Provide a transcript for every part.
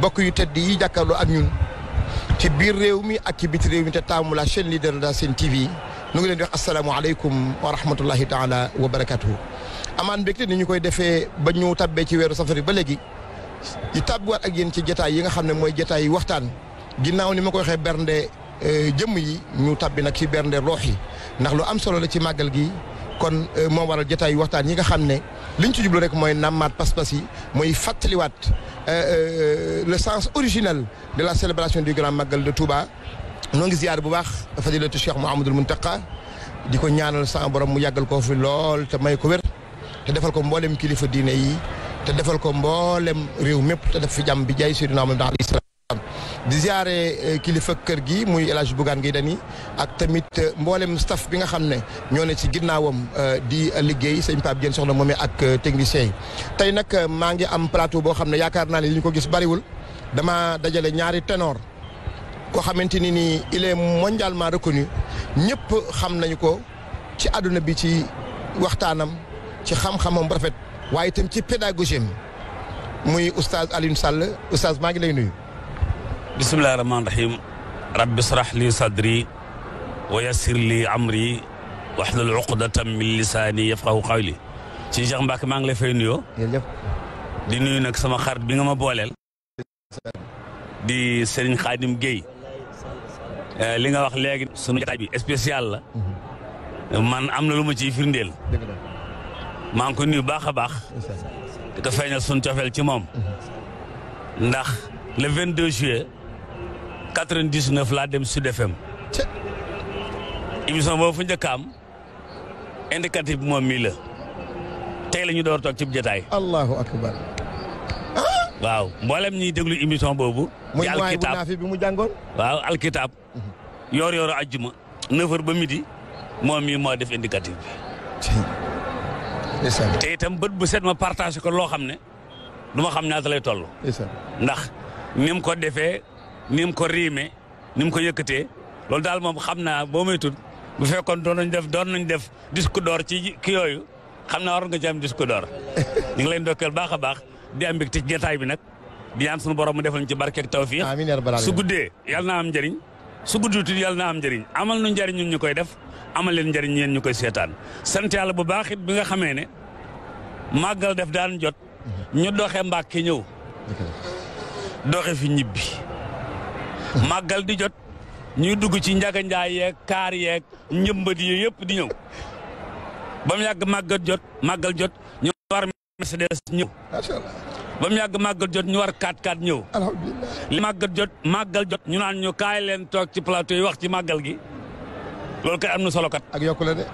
bokk yu tedd yi jàkkaarloo ak ñun ci biir réew mi ak ci biti réew mi te taamu la chaîne leader la Sen TV nu ngi leen di wax asalaamualeykum wa rahmatullahi taala wa barakatuhu amaan mbégte ni ñu koy defee ba ñu tabbee ci weeru safari ba léegi ñu tàbbiwaat ak yéen ci jataay yi nga xam ne mooy jataay yi waxtaan ginnaaw ni ma koy waxee bernde euh, jëmm yi ñu tabbi nag ci bernde roox yi ndax lu am solo la ci màggal gi kon euh, moo waral jataay waxtaan yi nga xam ne li ñu ci jublu rek mooy nammaat pas-pas yi mooy fàttaliwaat euh, euh, le sens original de la célébration du grand magal de Touba noo ngi ziar bu baax fadilatu Cheikh Mouhamadul Mountakha di ko ñaanal sa borom mu yàggal koo fi lool te may ko wér te defal ko mboolem kilifa diine yi te defal ko mboolem réew mépp te def fi jàmm bi jaay Seydina Muhammad alayhi salaam di ziare eh, kilifa kër gi muy El Hadj Bougane Gueye Dany ak tamit eh, mboolem staff bi nga xam ne ñoo ne ci ginnaawam eh, di liggéey sëñ Pape Diène soxna moomee ak technicien yi. tey nag maa ngi am plateau boo xam ne yaakaar naa ne li ko gis bariwul dama dajale ñaari ténor koo xamante ni nii il est mondialement reconnu ñëpp xam nañu ko ci àdduna bi ci waxtaanam ci xam-xamam rafet waaye itam ci pédagogie am muy oustaz Alioune Sall oustaz maa ngi lay nuyu. بسم الله الرحمن الرحيم رب اشرح لي صدري ويسر لي امري واحلل عقدة من لساني يفقه قولي شي جاك مباك ما نغلي فين يو دي نوي نك سما خارت بيغا ما بولال دي سيرين خادم جي ليغا واخ ليغ سونو جاتاي بي سبيسيال لا مان امنا لوما شي فيرندل ما نكو نوي باخا باخ دي كا فاينال سون تيوفل تي موم ndax le 22 juillet 99 laa dem Sud FM. émission boobu fu njëkk am indicatif bi moom mii la tey la ñu door toog ci jotaay. allahu ah! waaw mboolem ñiy déglu émission boobu. ci alkitab bi mu jàngoon. waaw alkitab. Mhm. yoor yooru ajjuma. 9 ba midi moom mii moo def indicatif bi. te itam bët bu set ma partage ko loo xam ne du ma xam ñaata lay toll. ndax ni ko defee. ni ko riime ni mu ko yëkkatee loolu daal moom xam naa boo moytul bu fekkoon doon nañ def doon nañ def disque door ci ki yooyu xam naa war nga ci am disque d'or ñu ngi leen ndokkeel baax a baax di am mbégte ci jotaay bi nag di ñaan suñu borom mu defal ñu ci barkeeg tawfiix su guddee yàlla na am njëriñ su guddutul yàlla na am njëriñ amal nu njëriñ ñun ñu koy def amal leen njëriñ yéen ñu koy seetaan sant yàlla bu baax it bi nga xamee ne màggal def daan jot ñu doxe mbàkke ñëw doxe fi ñibbi màggal di jot ñuy dugg ci njaga njaay yeeg kaar yeeg njëmbat yi yëpp di ñëw ba mu yàgg màggal jot màggal jot ñu war Mercedes ñëw ba mu yàgg màggal jot ñu war kaat kaat ñëw li màggal jot màggal jot ñu naan ñu kaay leen toog ci plateau yi wax ci màggal gi loolu kay am na solo kat ak yokku la de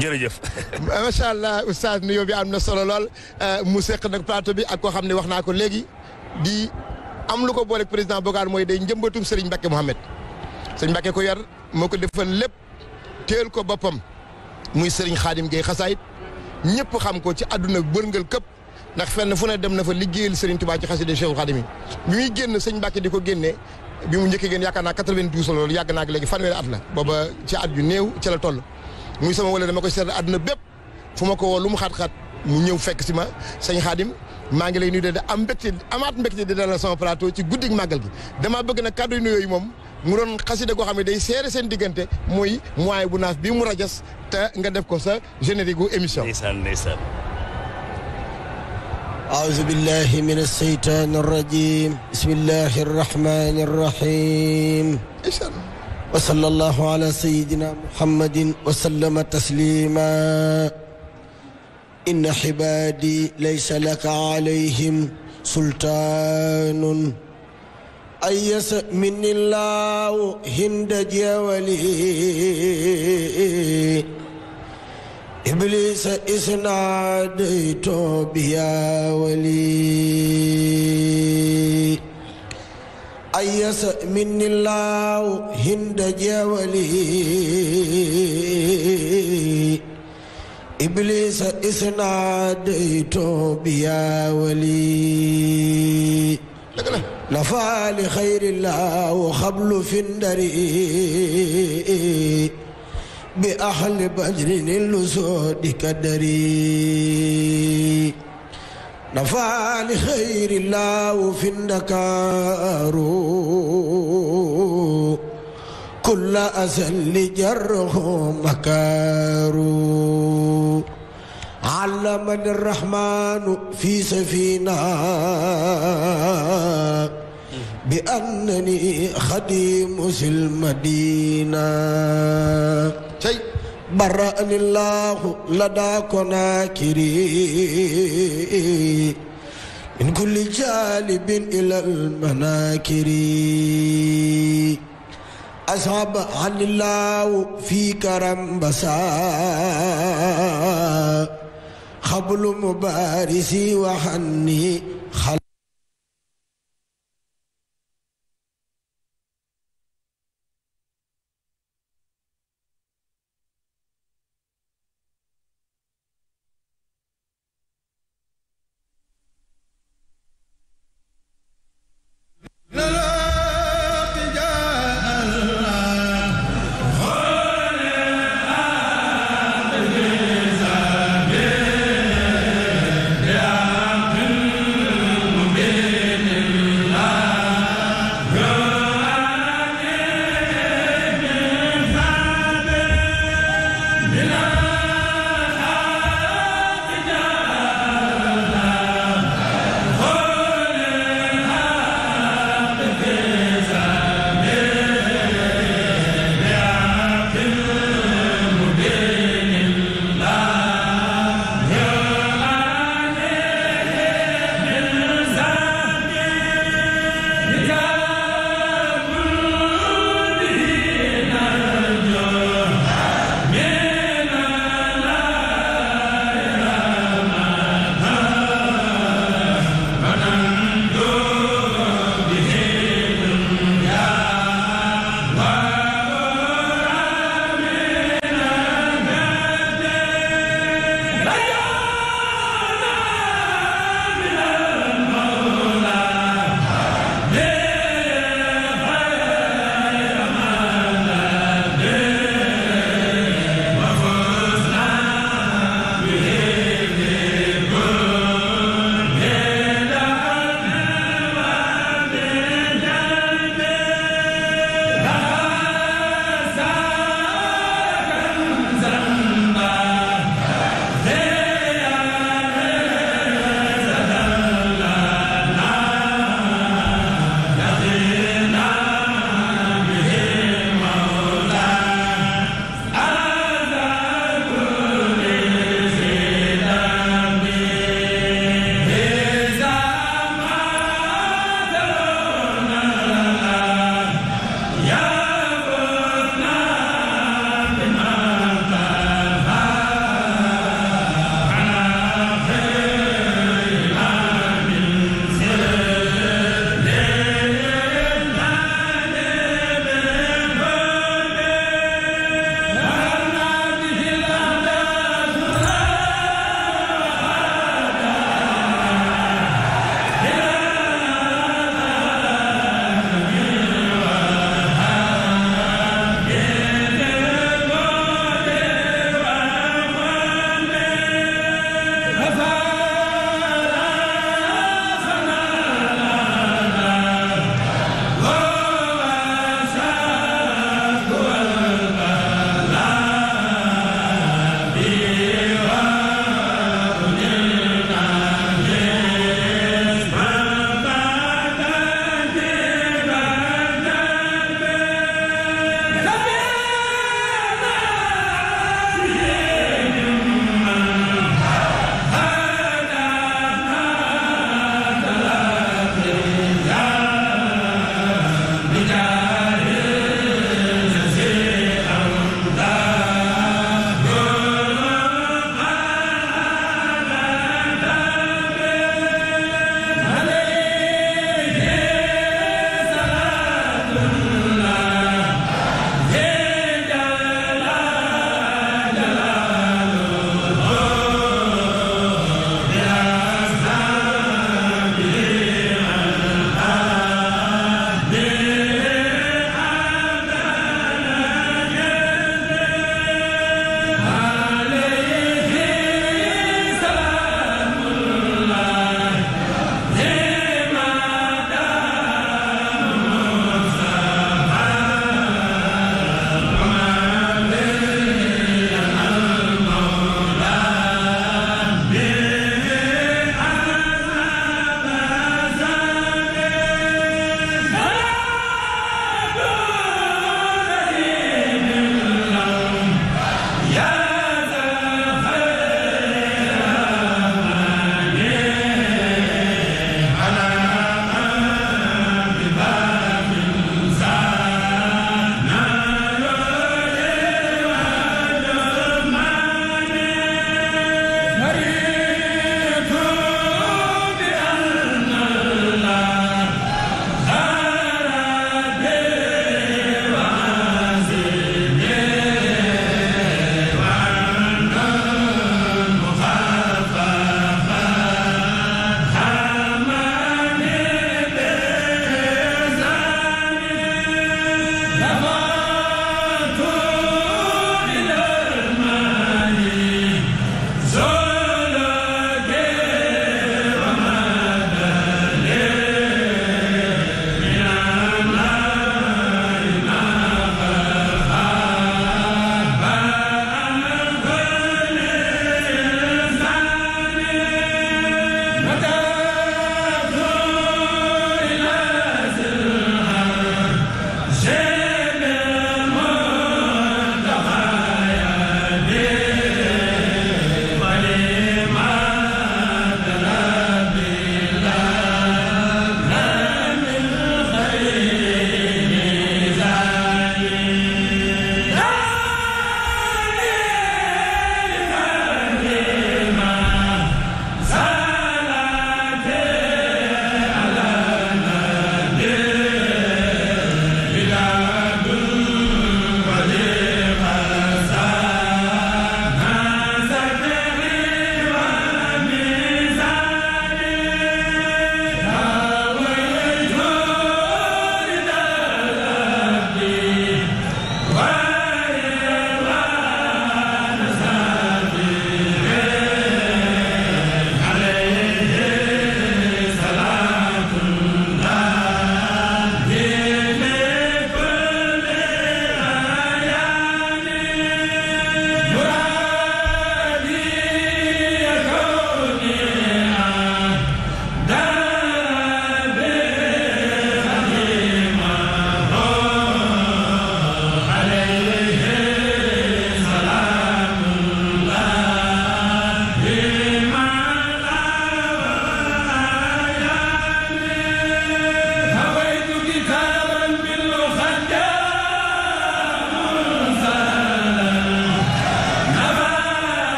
jërëjëf macha allah oustaz nuyoo bi am na solo lool euh, mu seq nag plateau bi ak koo xam ne wax naa ko léegi di am lu ko booleeg président Bocar mooy day njëmbatum Serigne Mbacke Mohamed Serigne Mbacke ko yar moo ko defal lépp teel ko boppam muy Serigne Khadim Gueye xasaayit ñëpp xam ko ci àdduna bërngal këpp ndax fenn fu ne dem na fa liggéeyal Serigne Touba ci xaside Cheikhul Khadim yi bi muy génn Serigne Mbacke di ko génnee bi mu njëkkee génn yaakaar naa 92 la loolu yàgg naa ak léegi fanweeri at la booba ci at yu néew ci la toll muy sama wala dama koy seetlu àdduna bépp fu ma ko lu mu xaat mu ñëw fekk si ma Serigne Khadim maa ngi lay nuyu de am mbégte amaat mbégte di dalal ci guddig màggal gi damaa bëgg na kàddu yu nuyoo moom mu doon xasida goo xam ne day seere seen diggante muy moyen bu naaf bi mu rajas te nga def ko sa générique gu émission. ndeysaan ndeysaan. أعوذ بالله من الشيطان الرجيم بسم الله الرحمن الرحيم وصلى الله على سيدنا محمد وسلم تسليما إن حبادي ليس لك عليهم سلطان أيس من الله هند جوالي إبليس إسناديت بيا ولي أيس من الله هند جوالي إبليس إسنا ديتو بيا ولي نفع لخير الله وخبل في الدري بأهل بجر اللسود كدري نفع لخير الله في النكارو كل أزل جره مكارو علمني الرحمن في سفينة بأنني خديم في المدينة برأني الله لدى كناكري من كل جالب إلى المناكري أصاب عن الله في كرم بسا خبل مبارسي وحني خلق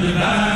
Yeah.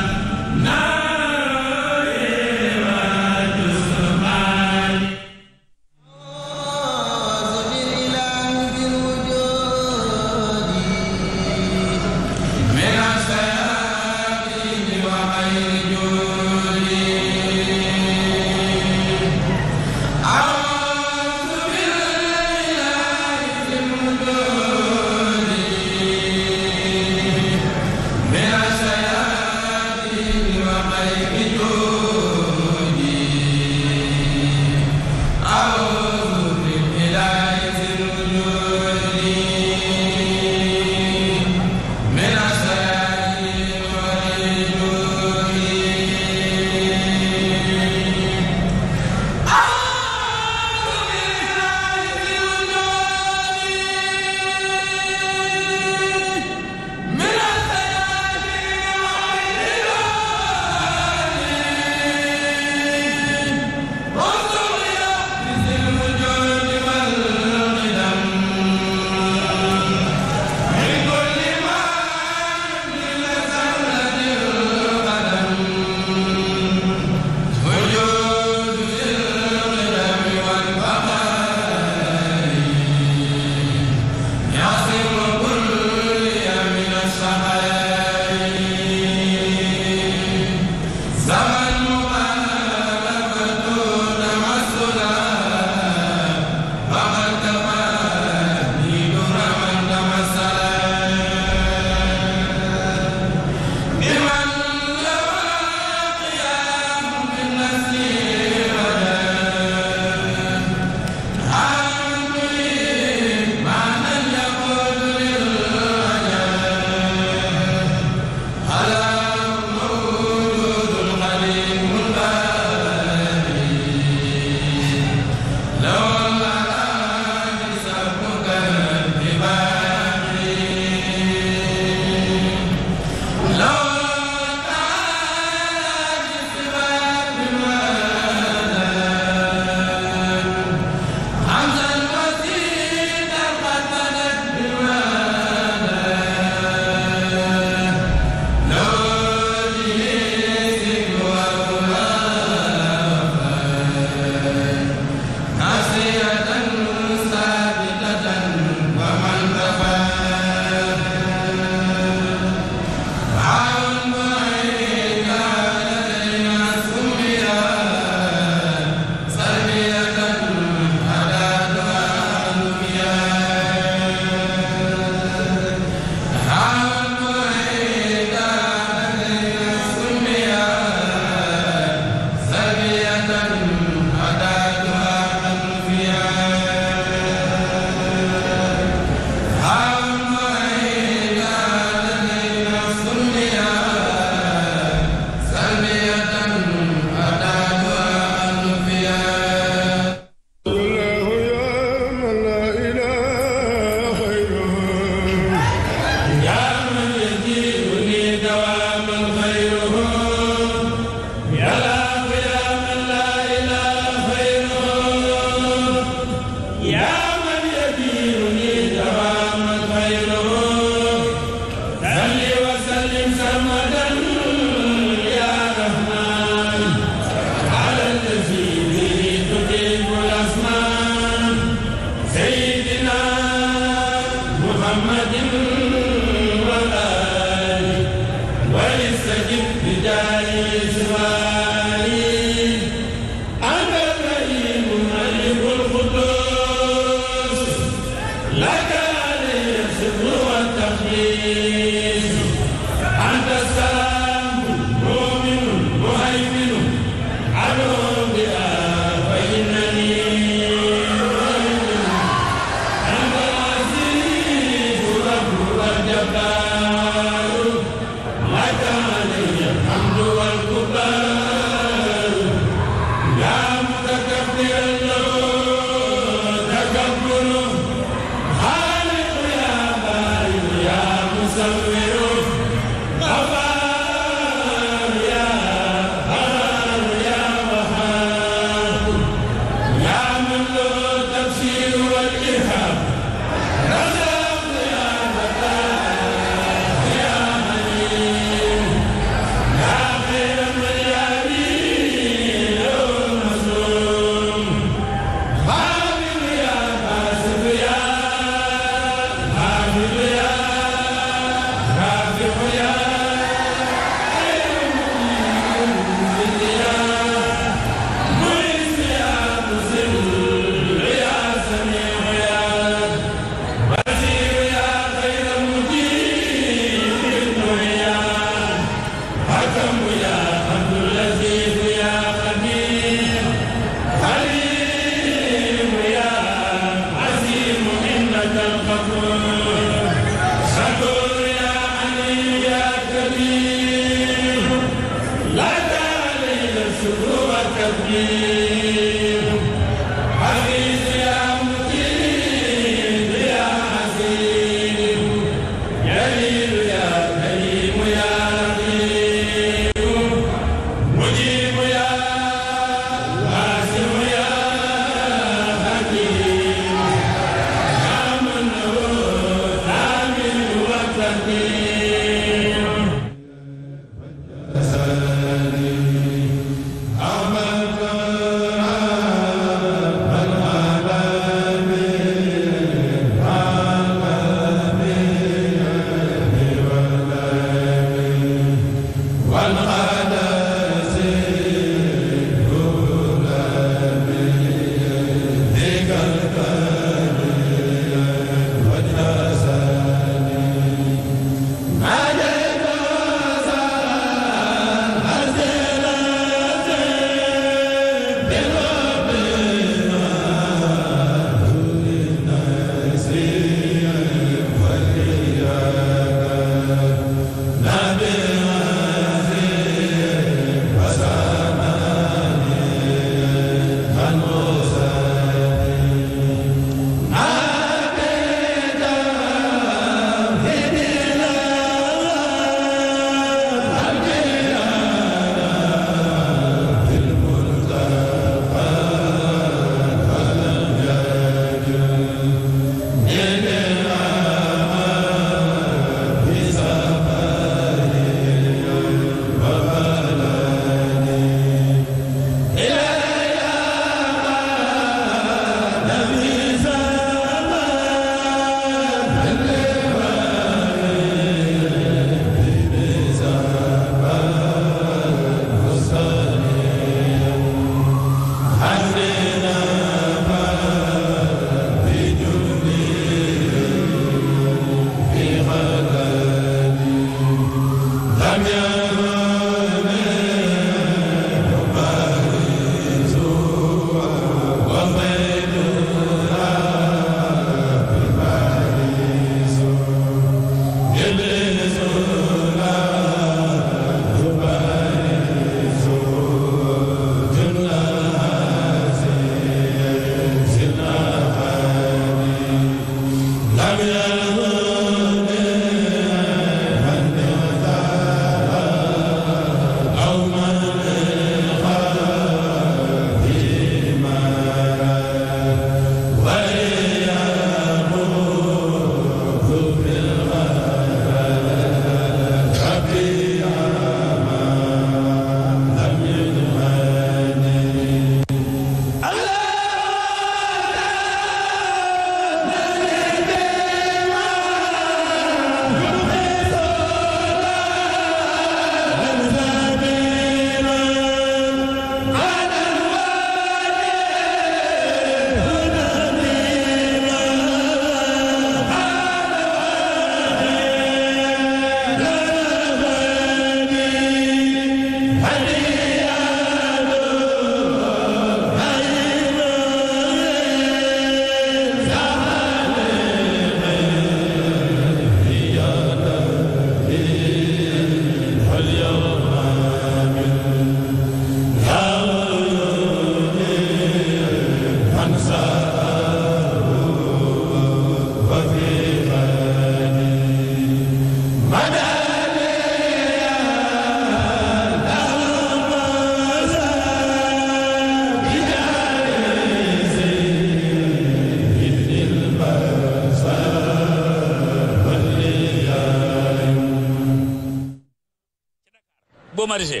marché.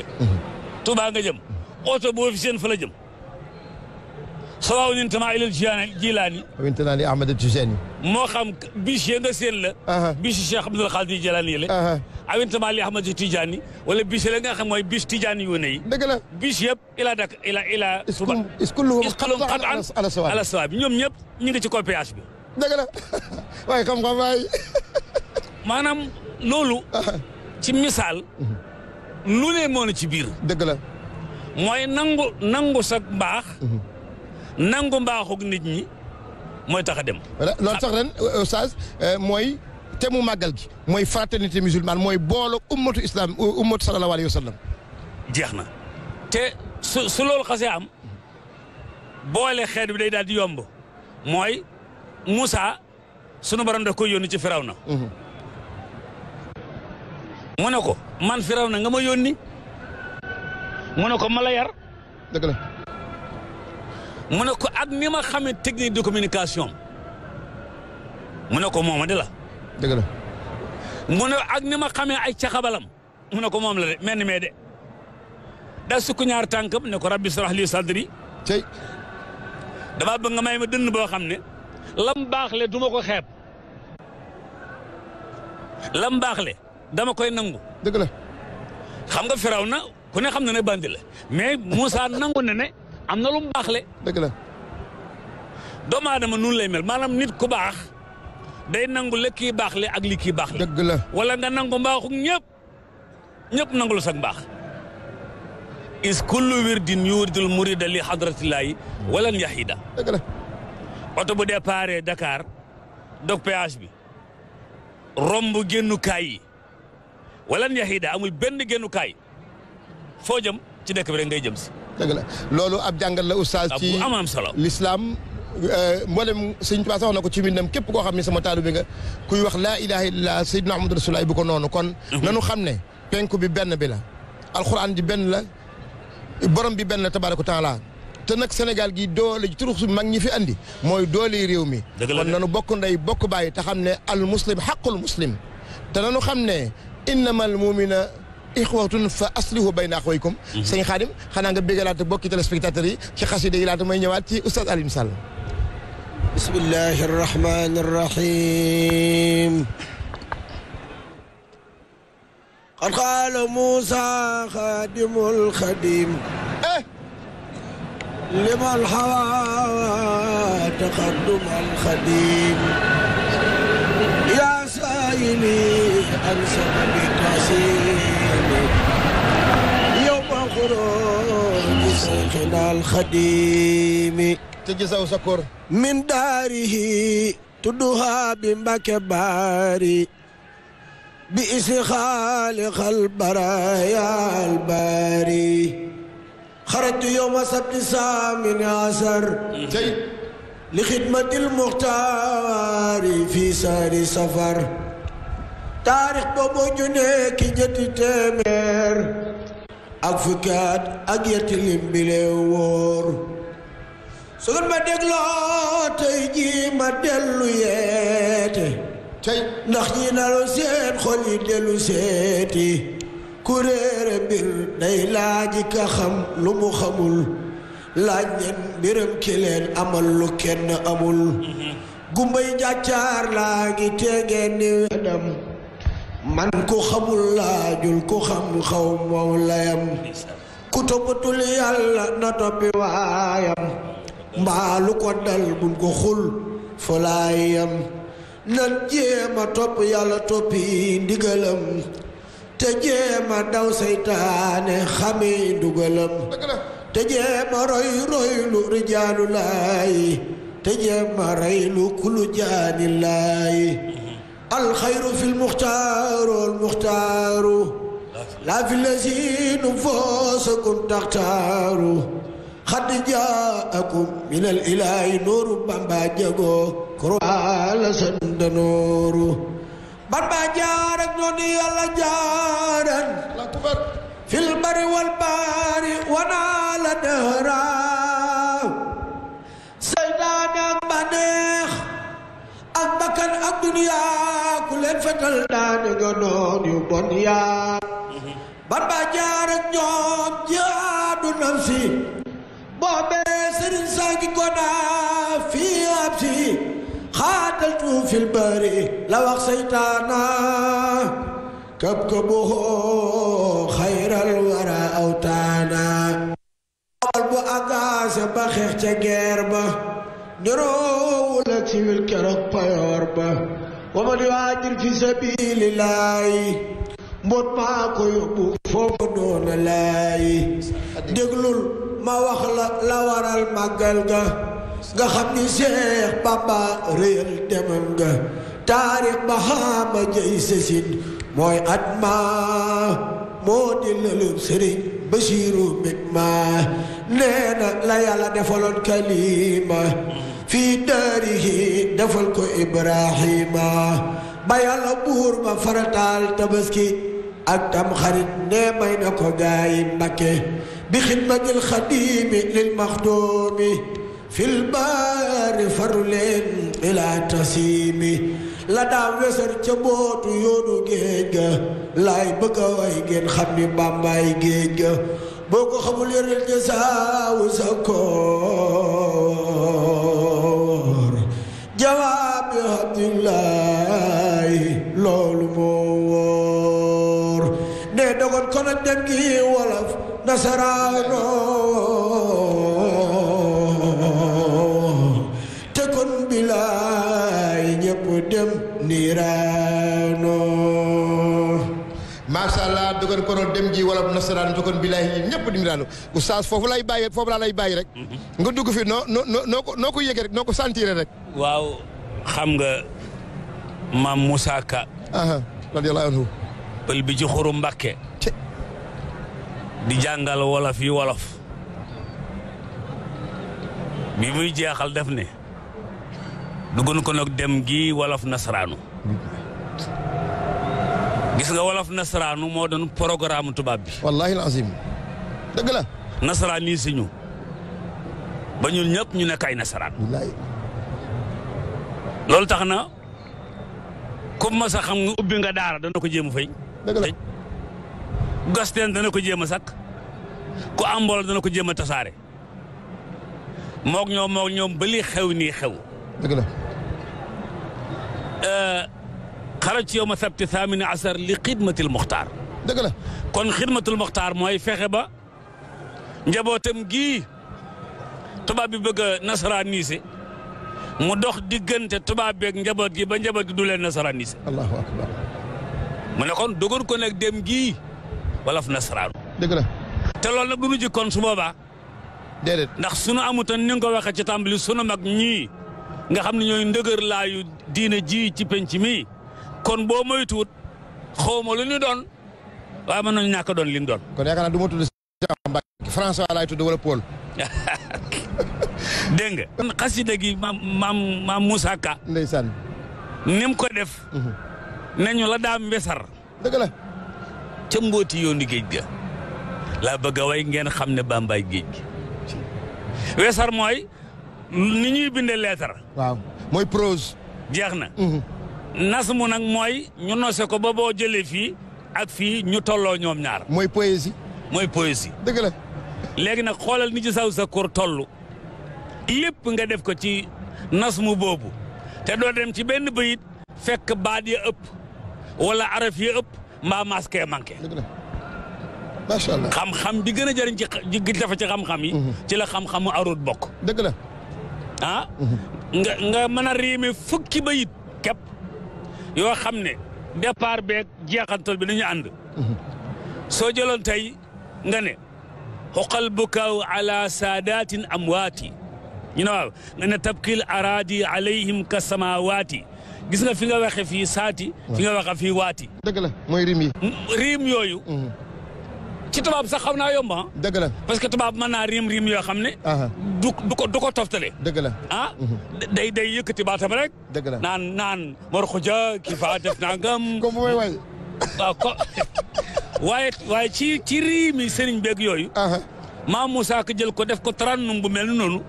Touba nga jëm oto boo fi seen fa la jëm. sawaaw ñun tamaa ilal jilaani. wintanaa li Ahmad Tijaani. moo xam bis ya nga seen la. bisu Cheikh Abdoul Xaadir Jilaani yi la. awintamaa li Ahmad Tijaani wala bis la nga xam mooy bis Tijaani yu ne yi. dëgg la bis yëpp ilaa dak ilaa ilaa. suba iskulluhum qatan ala sawaabi ñoom ñëpp ñu ngi ci copéage bi. dëgg la waaye xam-xam waay. maanaam loolu. ci misaal. Mhm. lu ne moo ci biir. dëgg la. mooy nangu nangu sa mbaax. Mhm. nangu mbaaxug nit ñi mooy tax a dem. loolu sax ren euh, Oustaz euh, mooy thème mu màggal gi. mooy fraternité musulmane mooy boolo ummatu islam euh, ummatu sallallahu alayhi wa jeex na te su su loolu am boole xeet bi day daal di yomb mooy Moussa sunu borom daf koy yónni ci na mu ko man firaw na nga ma yoni mu ko ma yar deug la mu ko ak ni ma technique de communication mu ko la deug la ak ni ma ay tiaxabalam mu ko la de mel de da ñaar tankam ne ko rabbi sarah li sadri tay dama bëgg nga may ma dënd bo xamné lam baxlé duma ko xeeb lam baxlé dama koy nangu. dëgg la. xam nga firaw na ku ne xam na ne bandi la mais Moussa nangu na am na lu mu baax le dëgg la. doomu aadama nun lay mel maanaam nit ku baax day nangu la baax le ak li baax le. dëgg la wala nga nangu mbaaxu ñëpp ñëpp nangu la sax mbaax is kullu wirdin yuridul murida li xadratillaahi walan yahida dëgg oto bu départ dakaar dog péage bi romb génnukaay yi walan yaxiida amul benn génnukaay foo jëm ci dëkk bi rek ngay jëm si. dëgg la loolu ab jàngal la oustaz. ci am am solo l'islam mboolem sëñ Tuubaa sax na ko ci mbindam képp koo xam ne sama taalibe nga kuy wax laa ilaaha illallaah sayyidina Muhammadu rasulullaah bu ko noonu kon. nanu xam ne penku bi benn bi la. alxuraan ji benn la borom bi benn la tabaaraka taala te nag Sénégal gi doole turu su mag ñi fi andi mooy doole réew mi. kon nanu bokk ndey bokk bàyyi te xam ne al muslim xaqul muslim te nanu xam ne. انما المؤمن إخوة فأصله بين أخويكم سين خادم خانا نغا بيغالا تبوك تيلي سبيكتاتور يي شي خاسيد يي لاتو ماي استاذ علي مسال بسم الله الرحمن الرحيم قد قال موسى خادم الخديم إيه؟ لما الحوا تقدم الخديم عيني أنسى بكاسيني يوم خروج سيدنا الخديم تجزا وسكر من داره تدها بمكباري بئس خالق البرايا الباري خرجت يوم سبت سامن عشر لخدمة المختار في سار سفر taarix boobu junne ki ñetti téeméer ak fukki at ak yetti lim bi lee wóor su tey jii ma dellu yeete tey ndax ñi nalu seen xol dellu seeti ku réere day laaji ka xam lu mu xamul laaj leen mbiram ki leen amal kenn amul mm-hmm. gumbay jàccaar laa ngi tegeen ni wedam man ku xamul laajul ku xam xaw mow layam ku toppatul yàlla na toppi waayam mbaa ko dal buñ ko xul folaayam nan jéema topp yàlla toppi ndigalam te jéema daw seytaane xami dugalam te jéema roy roy lu rijaalu te jéema rey lu kulu jaani الخير في المختار المختار لا في الذي نفوسكم تختاروا قد جاءكم من الإله نور بمبا جاغو على سند نور بمبا جارك نوني الله جارا في البر والبار ونال دهرا سيدانا بني ak bakkan ak dunya ku leen fetal daanañoo noon yu bon yaa ban ba jaar ak ñoom jaadu nam si boobee sëriñ sangi kona fii ab si xaataltu fil bari la wax saytaana kab kabu xayral wara awtaana bu agaase ba xeex ca geer ba ñoroowul ak siwil keroog payoor ba wa man yuhaajir fi sabilillaahi mboot maa ko yóbbu foofu doona laay ma wax la waral màggal ga nga xam ni Seex Bamba réyal demam ga taarix ba xaama jëy sësin mooy at moo di lëlum sëriñ Basiru bég ma la yàlla defaloon kalima fii daarihi defal Ibrahima ba yàlla buur ba farataal tabaski ak tam xarit nee may na ko gaayi Mbakke bi xadimi lil maxdoomi fil baari faru leen ilaa tasimi la daa wesar ca bootu yoonu géej laay bëgg a way xam ni bàmbaay géej ga boo ko xamul yoreel ca saawu sa koor jawaab yu abdullaay loolu moo wóor ne dogon kono dem gi wolof nasaraanoo dem nirano mashallah dugal ko dem ji wala nasaraan to kon billahi ñepp di nirano oustaz fofu lay baye fofu lay baye rek mhm. nga dugg fi no no noko noko yegge rek noko sentir rek waaw xam nga mam musa Ka aha radiyallahu anhu pel bi ci xuru mbakke di jangal wala fi wolof bi muy jexal def ne dugg ko nag dem gi wolof nasaraanu gis nga wolof nasaraanu moo doon programme tubaab bi. wallaahi azim dëgg la. nasaraan yi si ñu ba ñun ñëpp ñu nekk ay nasaraan. loolu tax na comme ma xam nga ubbi nga daara dana ko jéem a fay. dëgg la gasteen dana ko jéem a sakk ku am dana ko jéem a tasaare moog ñoom moog ñoom ba xew nii xew. dëgg la. Euh, xaraj yow ma sabti thamini asar li xidmatil muxtaar. dëgg la kon xidmatul muxtaar mooy fexe ba njabootam gii tubaab bi bëgg a nasaraaniise mu dox diggante tubaab beeg njaboot gi ba njaboot gi du leen nasaraaniise. allahu akbar. mu ne kon dogoon ko nekk dem gii wala fu nasaraan. dëgg la. te loolu nag du nu jikkoon su boobaa. déedéet ndax sunu amutoon ni nga ko waxee ci tàmbali sunu mag ñii. nga xamni ñoy ñooy la yu diina ji ci penc mi kon boo moytuwut xawma lu ñu doon wa mën ñu ñaka doon li ñu doon. kon yaaka na duma tuddu tudd Cheikh Mbacke François laay tudd wala Paul. deng nga. kon xasida gi mam mam maam Moussa Ka. ndeysaan. nim ko def. Mhm. nañu la daam mbesar. deug la. ci mboti yoni geej ga. la bëgg way ngeen xamne bambay geej géej gi. wesar mooy ni ñuy bindé lettre waaw moy prose. jeex na. Mhm. nas mu nak moy ñu nosé ko ba boo jëlee fii ak fi ñu tollo ñom ñaar. moy poésie. moy poésie. deug la. légui nak xolal ni ci saw sa kur tollu lepp nga def ko ci nas mu bobu té do dem ci benn beuyit fekk baad ya ëpp wala araf ya ëpp ma masqué ya manqué. deug la macha allah. xam-xam bi gëna a jëriñ ci ji dafa ci xam-xam yi. Mhm. ci la xam-xamu arut bok deug la. ah nga nga mën a réeme fukki bayit képp yoo xam ne départ beeg jeexantal bi dañu ànd soo jëloon tey nga ne xoqal bukaaw ala saadatin amwaati ñu ne waaw nga ne tabkil araadi alayhim ka samawaati gis nga fi nga waxe fii saati fi nga waxe fii waati dëgg la mooy rim yi rim yooyu mm-hmm. ci tubaab sa xaw naa yomb ah. la parce que tubaab mën naa riim riim yoo xam ne. du du ko toftale. dëgg la ah. Mhm. day day yëkkati baatam rek. dëgg la naan naan Mor Khoudia def naa ngam. comme bu may way. ko waaye waaye ci ci riim yi beeg yooyu. maam Moussa ko jël ko def ko tarannum bu mel noonu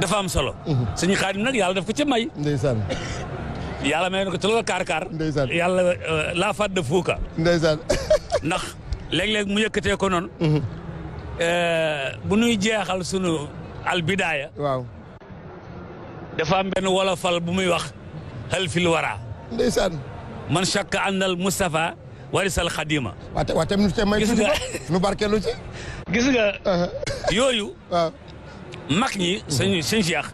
dafa am solo. Mhm. suñu xaadim nag yàlla def ko ci may. ndeysaan. mel may na ko ci loolu kaar kaar. ndeysaan yàlla euh, laafaat de fuuka. ndeysaan. ndax. léeg-léeg mu yëkkatee ko noonu. Mhm. Eh, bu nuy jeexal sunu albidaaya. waaw. dafa am benn wolofal bu muy wax. hal fil wara. ndeysaan. man chakka àndal Moustapha warisal xadima. waaw te gis nga nu barkeelu ci. gis nga. Uh-huh. yooyu. waaw. mag ñi sëñ mhm. sëñ Cheikh.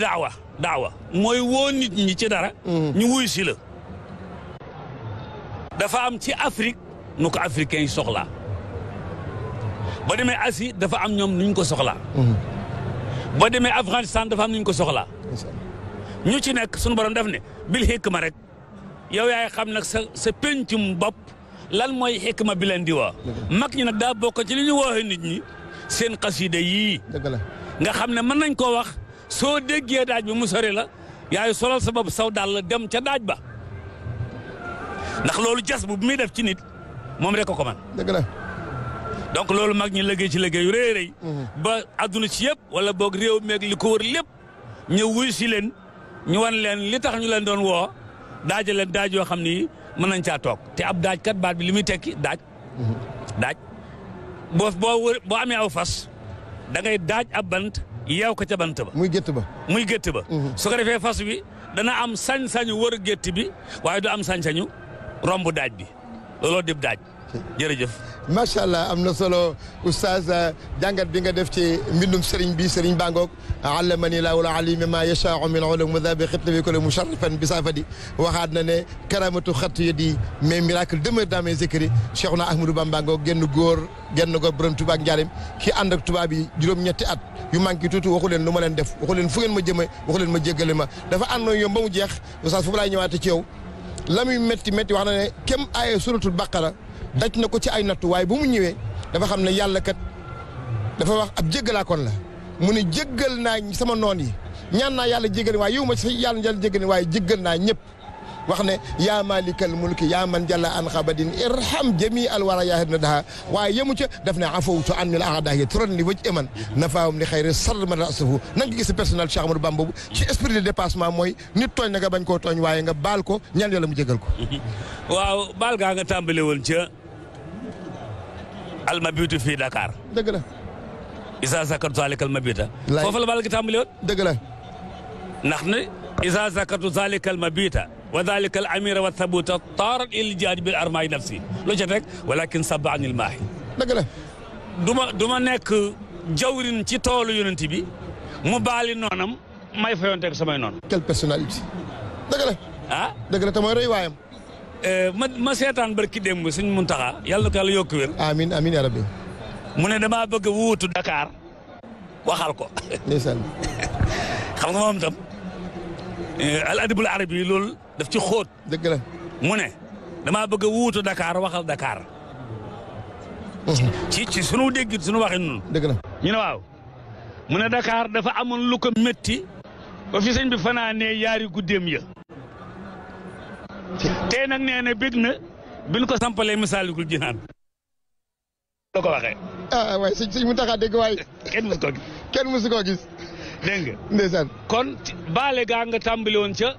daawa. daawa mooy woo nit ñi ci dara. Mhm. ñu wuy si dafa am ci Afrique nu ko africains yi soxlaa ba demee Asie dafa am ñoom nu ñu ko soxlaa. Mhm. ba demee Afghanistan dafa am nu ñu ko soxlaa. ñu ci nekk suñu borom def ne bil xikma rek yow yaay xam nag sa sa pencum bopp lan mooy xikma bi leen di waa mag ñi nag daa bokk ci li ñu wooxe nit ñi seen xasida yii nga xam ne mën nañ koo wax soo déggee daaj bi mu sori la yaay solal sa bopp saw daal la dem ca daaj ba ndax loolu jas bu muy def ci nit moom rek ko man dëgg la donc loolu mag ñi liggéey ci liggéey yu rëy rëy ba adduna ci yëpp wala boog réew meeg li ko wër lépp ñëw wuy si leen ñu wan leen li tax ñu leen doon woo daaja leen daaj yoo xam ni mën nañ caa toog te ab daaj kat baat bi li muy tekki daaj daaj boo boo wër boo amee aw fas da ngay daaj ab bant yeew ko ca bant ba muy gétt ba muy gétt ba su ko defee fas wi dana am sañ-sañu wër gétt bi waaye du am sañ-sañu romb daaj bi looloo dib daaj jërëjëf macha allah am na solo oustaz euh, jàngat bi nga def ci mbindum Serigne bi Serigne Bangoog allamani laa wala alima ma yashaau min ulum madabi xitna bi ko le musharrafan bi safadi waxaat na ne karamatu xatt yi di mais miracle demeure dans mes écrits Cheikhuna Ahmadou Bamba Ngoog genn góor genn góor borom Tuubaa ak Njaareem ki ànd ak tubaab yi juróom-ñetti at yu manqué tuuti waxu leen lu ma leen def waxu leen fu ngeen ma jëme waxu leen ma jéggale ma dafa àndoon yow ba mu jeex oustaz fu mu laay ñëwaate ci yow la muy métti métti wax na ne kem aaye suratul baqara daj na ko ci ay nattu waaye bu mu ñëwee dafa xam ne yàlla kat dafa wax ab jéggalaakoon la mu ne jéggal naa sama noon yi ñaan naa yàlla jéggal waaye yow ma si yàlla jéggal waaye jéggal naa ñëpp. وخنا يا مالك الملك يا من جل ان خبد ارحم جميع الورايا هدها ويمو تي دافنا عفو تو ان الاعداء ترن لي وجه امن نفاهم لخير سر من راسه نانغي غيس بيرسونال شيخ عمر بامبو سي اسبري دي ديباسمون موي نيت توغ نغا بانكو توغ واي نغا بالكو نيال يالا مو جيغال كو واو بالغا نغا تامبلي وون تي المبيوت في دكار دغلا اذا ذكرت ذلك المبيوت فوفل بالغا تامبلي وون دغلا نحن اذا ذكرت ذلك المبيوت wa dalika al amira wa thabuta taarat il jaaj bil armaay nafsi loo ca teg walakin saba anil maahi dëgg la du ma du ma nekk jawrin ci toolu yonent bi mu baali noonam may fa yonteeg samay noonu quelle personnalité dëgg la ah dëgg la te mooy rëy waayam ma ma seetaan barki démb suñ Muntaxa yàlla na ko yàlla yokku wér amin amin ya rabbi mu ne damaa bëgg a wuutu Dakar waxal ko ndeysaan xam nga moom tam al adibul arabi loolu daf ci xóot. dëgg la mu ne damaa bëgg a wuutu Dakar waxal Dakar. Mm-hmm. ci ci sunu dégg sunu waxi noonu. ne waaw. mu ne Dakar dafa amoon lu ko métti. ba fi sëñ bi fanaanee yaari guddeem ya. tey nag nee na na bi ñu ko sampalee misaalikul jinaan kon baale gaa nga tàmbali ca.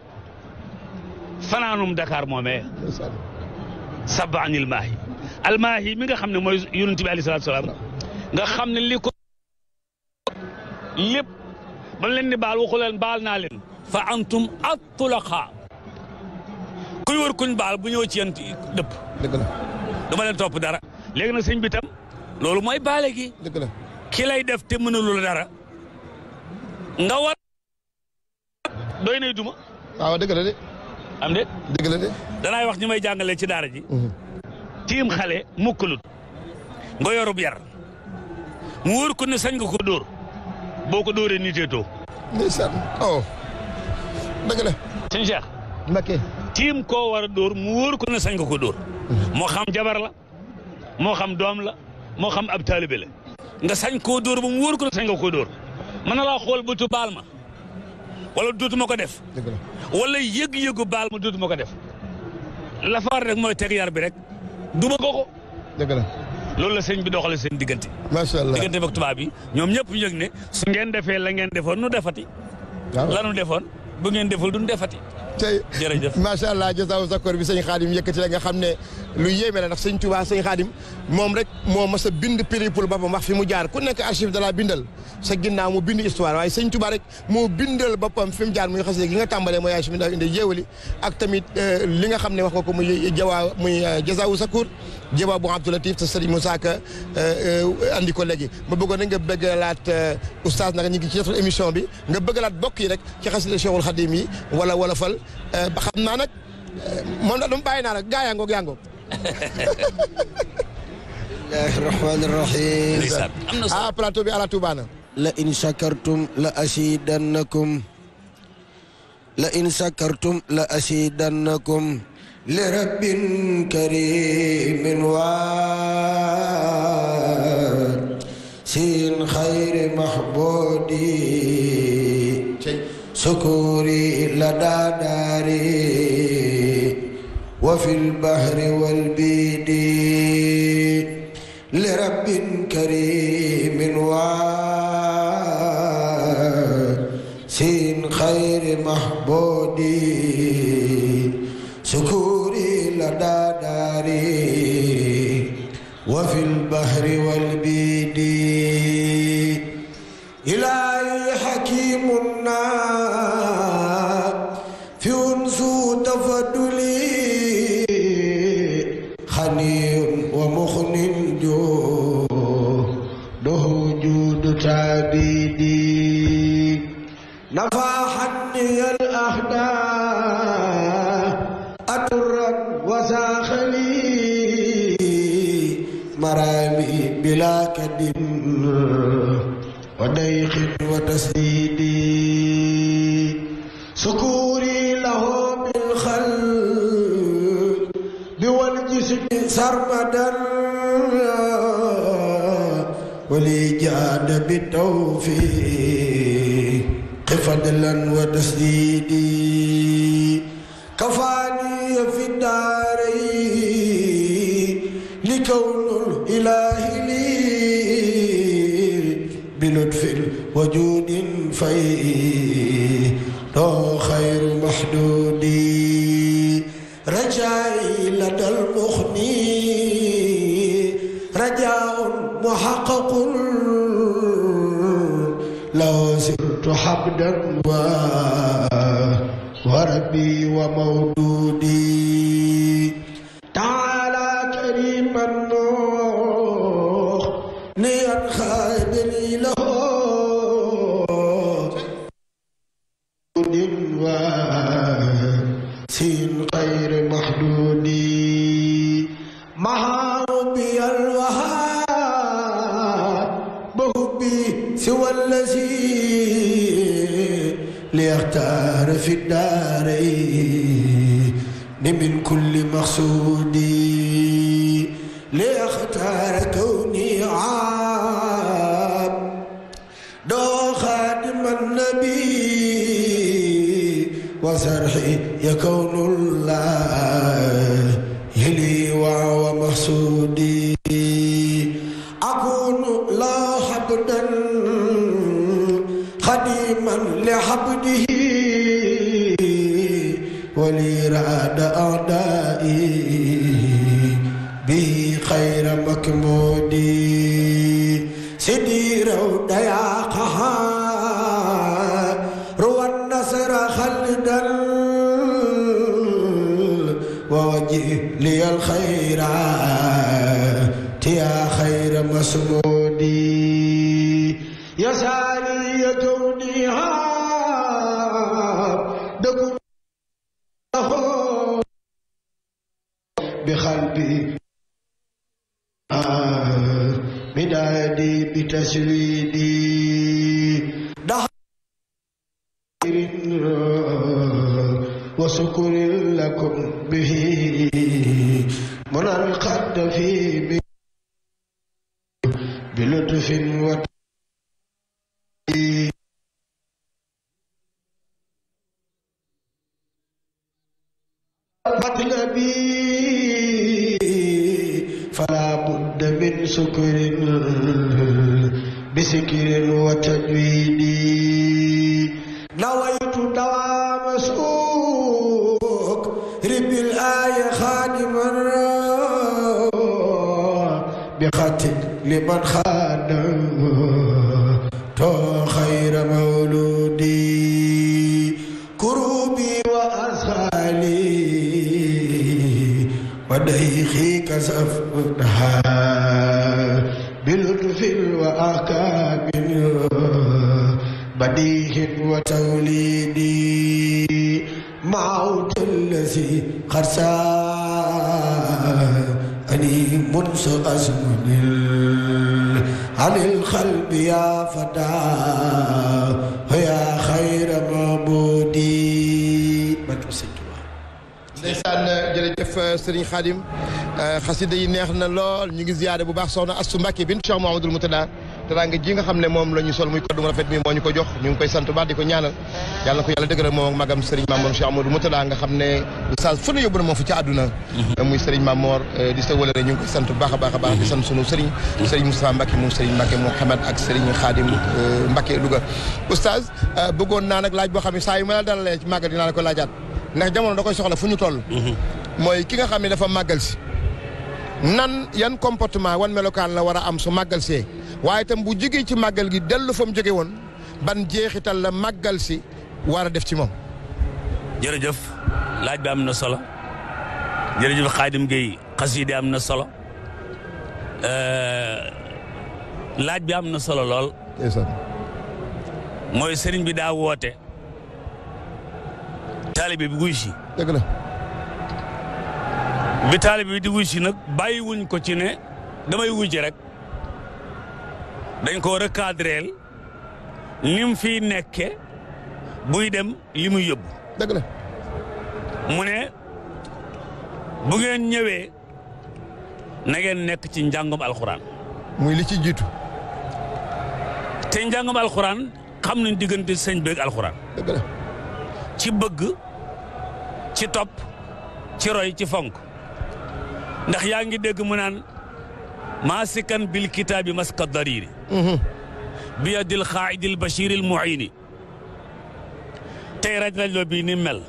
fanaanum Dakar moomee saba anil maahi almaahi mi nga xam ne mooy yonent bi alayhi salaatu salaam nga xam ne li ko lépp ba leen di baal waxu leen baal naa leen fa antum attulaqa kuy wër kuñ baal bu ñëw ci yéen dëpp dëgg la dama leen topp dara léegi nag sëñ bi tam loolu mooy baale gi dëgg la ki lay def te mënulul dara nga war doy nay duma waaw dëgg la de am de. dëgg la de. danaay wax ñu may jàngalee ci daara ji. Mhm. tiim xale mukkulut nga yorub yar mu wóor ko sañ nga ko dóor boo ko dóoree niteetoo. ndeysaan oh tiim koo war a dóor mu wóor ko sañ nga ko dóor. Mhm. moo xam jabar la moo xam doom la moo xam ab taalibe la. nga sañ koo dóor ba mu wóor ko sañ nga ko dóor mën xool bëtu baal ma. wala dootuma ko def. wala yëg-yëgu baal ma dootuma ko def. la faar rek mooy teg yar bi rek duma ko ko. dëgg la loolu sëñ bi doxale seen diggante. macha allah diggante ak tubaab yi ñoom ñëpp ñu yëg ne. su ngeen defee la ngeen defoon nu defati. waaw la nu defoon bu ngeen deful du nu defati. tey macha allah jasaw sakkoor bi sëñ xaadim yëkkati la nga xam ne lu yéeme la ndax sëñ Tuubaa sëñ xaadim moom rek moo mas a bind péripul boppam wax fi mu jaar ku nekk archive da laa bindal sa ginnaaw mu bind histoire waaye sëñ Tuubaa rek moo bindal boppam fi mu jaar muy xasida gi nga tàmbalee mooy yaay su mi ndaw inde jéewali ak tamit euh, li nga xam ne wax nga ko muy euh, jawaa muy euh, jasaw sakkoor jawaa bu ta te sëriñ Moussa Ka andi ko léegi ma bëggoon na nga bëggalaat oustaz nag ñu ngi ci jotul émission bi nga bëggalaat bokk yi rek ci xasida Cheikhul Xaadim yi wala wala fal xam naa nag moom da dum bàyyi naa nag gaa yaa ngoog yaa ngoog bismillahi rahmani rahim ah plateau bi ala Touba na la in shakartum la azidannakum la in shakartum la azidannakum li rabbin karimin waa sin xayri mahbudi سكوري إلا داداري وفي البحر والبيد لرب كريم واسين خير محبودي سكوري إلا داداري وفي البحر والبيد إلهي حكيم الناس تعبيدي نفى حني الأحداث أترك وساخلي مرامي بلا كدم وديخ وتسديدي سكوري له بالخلق والجسم سرما بعد بالتوفيق فضلا وتسديدي خير مسمودي يا سالي يا كونيها دكم بقلبي بدادي بتسويه Xaadim euh, xasida yi neex na lool ñu ngi ziyaare bu baax soxna Astu Mbàkke bint Cheikh Mouhamadoul Moutada teraanga ji nga xam ne moom la ñu sol muy kaddu mu rafet mi moo ñu ko jox ñu ngi koy sant baax di ko ñaanal yàlla na ko yàlla dëgëral moom ak magam Serigne Mamour Cheikh Amadou Moutada nga moom fu mhm. euh, sa wëlëre ñu a baax a baax di sant moom Serigne mhm. ak Serigne Khadim euh, Mbacke Louga oustaz bëggoon naa nag laaj boo xam ne saa ma la dalalee ci màggal dinaa la ko laajaat ndax jamono da koy soxla fu ñu toll mhm. mooy ki nga xam ne dafa màggal si nan yan comportement wan melokaan la war a am su màggal see waaye itam bu jógee ci màggal gi dellu fa mu jóge woon ban jeexital la màggal si war a def ci moom. jërëjëf laaj bi am na solo jërëjëf Xaadim Gueye xasiide am na solo laaj bi am na solo lool. mooy sëriñ bi daa woote. taalibe bi guy si. la. bi taalib bi di wuj si nag bàyyi wuñ ko ci ne damay wuy rek dañ koo recadreel ni mu fi nekke buy dem li mu yóbbu. dëgg mu ne bu ngeen ñëwee na ngeen nekk ci njàngum alxuraan. muy li ci jiitu. te njàngum alxuraan xam nañ diggante sëñ beeg alxuraan. ci bëgg ci topp ci roy ci fonk. ndax yaa ngi dégg mu naan maasikan bil kitaabi maska dariri mhm. biyadil xaaidil bashiril muini tey raj rajloo bii ni mel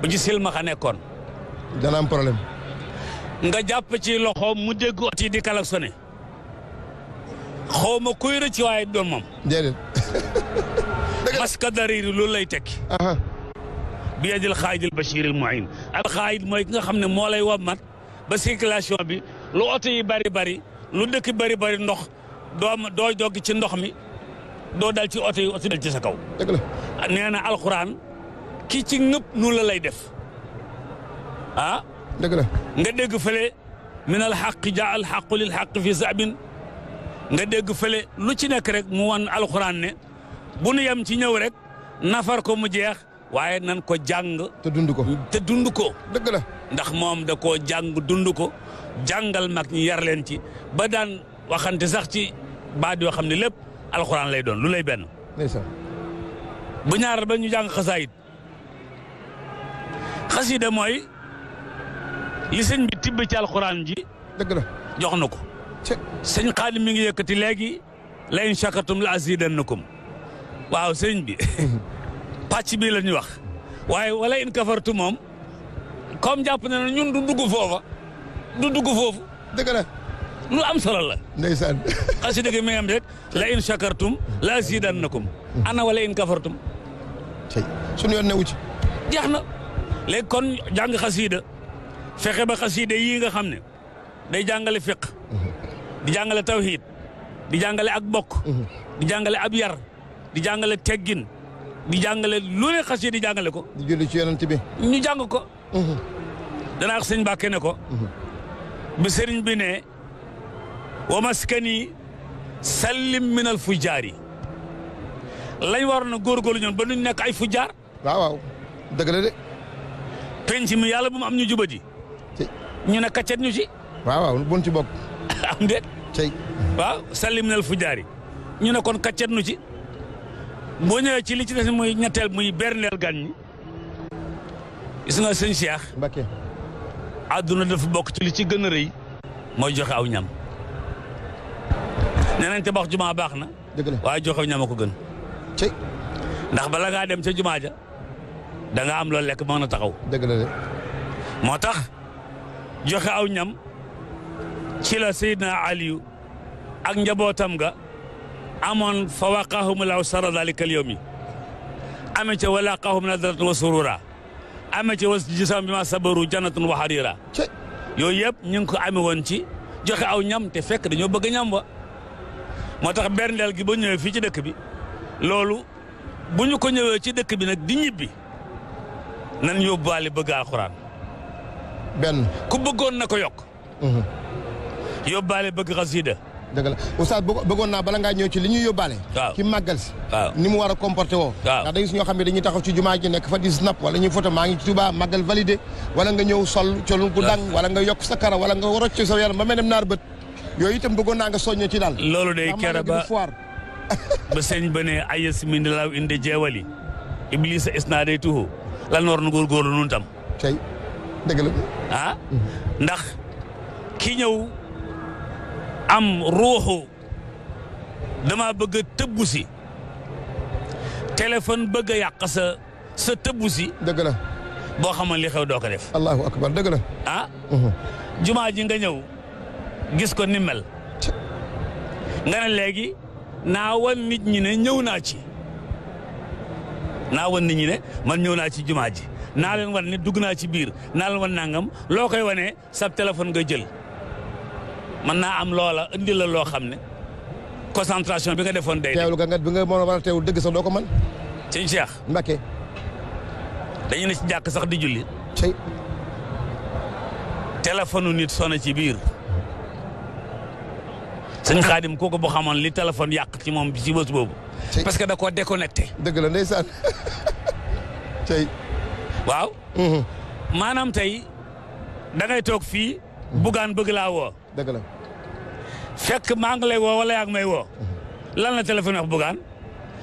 bu ci silmaxa nekkoon dana am problème nga jàpp ci loxoom mu dégg ot yi di klaxonné xaw ma kuy rëcc waaye doomam déedéet maska dariri loolu lay tekki biyadil xaaidil bashiril muin al xaaid mooy ki nga xam ne moo lay wammat ba circulation bi lu oto yi bari bari lu dëkk bari bari ndox doo doo jog ci ndox mi doo dal ci oto yi oto dal ci sa kaw. nee na alxuraan ki ci ñëpp nu la lay def ah. dëgg nga dégg fële min al xaq jaa al xaqu lil nga dégg fële lu ci nekk rek mu wan alxuraan ne bu nu yem ci ñëw rek nafar ko mu jeex. waaye nan ko jàng. te dund ko te dund ko. dëgg la ndax moom da koo jàng dund ko jàngal mag ñi yar leen ci ba daan waxante sax ci baat yoo xam ne lépp alxuraan lay doon lu lay benn. ndeysaan bu ñaar ba ñu jàng xasaayit xasida mooy li sëñ bi tibb ci alxuraan ji. dëgg la jox na ko. sëñ Xaadim mi ngi yëkkati léegi la in shakartum la waaw sëñ bi. pàcc bii la ñuy wax waaye wala in kafartu moom comme jàpp na ne ñun du dugg foofa du dugg foofu. dëgg la. lu am solo la. ndeysaan. xasida gi mi am rek la in shakartum la zidannakum ana wala in kafartum. tey sunu yoon newu ci. jeex na léegi kon jàng xasida fexe ba xasida yii nga xam ne day jàngale fiq di jàngale tawhid di jàngale ak bokk. Mhm. di jàngale ab yar di jàngale teggin. di jàngale lu ne xasee di jàngale ko. di julli ci yonent bi. ñu jàng ko. Mhm. danaa wax ba Mbàkke ne ko. Mhm. bi bi ne. wa maskani sallim minal fujaar yi. war na góor góorgóorlu ñoon ba nuñ nekk ay fujaar. waaw waaw dëgg la de. penc mi yàlla bu mu am ñu jubadi. ñu ne kaccet ñu ci. waaw waaw buñ ci bokk. am déet. tey. waaw sallim minal fujaar ñu ne kon kaccet ñu ci. boo ñëwee ci li ci des muy ñetteel muy berndeel gan ñi gis nga sëñ Cheikh. Mbacké àdduna dafa bokk ci li ci gën a rëy. mooy joxe aw ñam. nee nañ te bax jumaa baax na. dëgg la waaye joxe aw ñam a ko gën. ndax bala ngaa dem ca jumaa ja da am loolu lekk mën na taxaw. dëgg moo tax joxe aw ñam ci la Seydina Aliou ak njabootam ga Amon fawaqahum law sara sarra daalika al-yawmi amee ca wa laaqaahum nadratan wa surura amee ca wa jazaahum bimaa sabaru jannatun wa harira yoy yeb ñu ko amee won ci joxe aw ñam te fekk dañu bëgg ñam ba motax tax gi ba ñëw fii ci dëkk bi loolu bu ñu ko ñëwé ci dëkk bi nak di ñibbi nan yobali bëgg alquran ben ku bëggoon na ko yokk yóbbaale bëgg ghazida dëgg la oustaz bëggoon naa bala ngaa ñëw ci li ñuy yóbbaale ki màggal si ni mu war a comporté woo ndax da gis ñoo xam ne dañuy taxaw ci jumaa ji nekk fa di snap wala ñuy photo maa ngi ci Tuubaa màggal validé wala nga ñëw sol colul gu dang wala nga yokk sa kara wala nga rocc sa yaram ba mel ne naar bët yooyu itam bëggoon naa nga soñño ci daal loolu day kera ba ba sëñ ba ne ayes mindilaaw inde jeewali iblisa isna day tuhu lan war na góorgóorlu nun tam ah? mhm. ki ñëw am ruuxu dama bëgg a si téléphone bëgg a yàq sa sa si. dëgg la. boo xamoon li xew doo ko def. allahu akbar dëgg ah. Mhm. jumaa ji nga ñëw gis ko ni mel. nga ne léegi naa wan nit ñi ne ñëw naa ci naa wan nit ñi man ñëw naa ci jumaa ji naa leen wan ne dugg naa ci biir naa leen wan nangam loo koy wane sa téléphone nga jël. mën naa am loola indi la loo xam ne concentration bi nga defoon day. teewlu nga nga bi nga mën a war a teewul dëgg sax doo ko mën. sëñ Cheikh. Mbacké. dañu ne ci jàkk sax di julli. tey. téléphone nit sonné ci biir. sëñ Xaadim kooku boo xamoon li téléphone yàq ci moom ci bés boobu. parce que da koo déconnecté. dëgg la ndeysaan tey. waaw. Mm-hmm. maanaam tey da toog fii. bugaan bëgg laa woo. dëgg la. fekk maa ngi lay woo wala yaa may woo lan la téléphone wax bugaan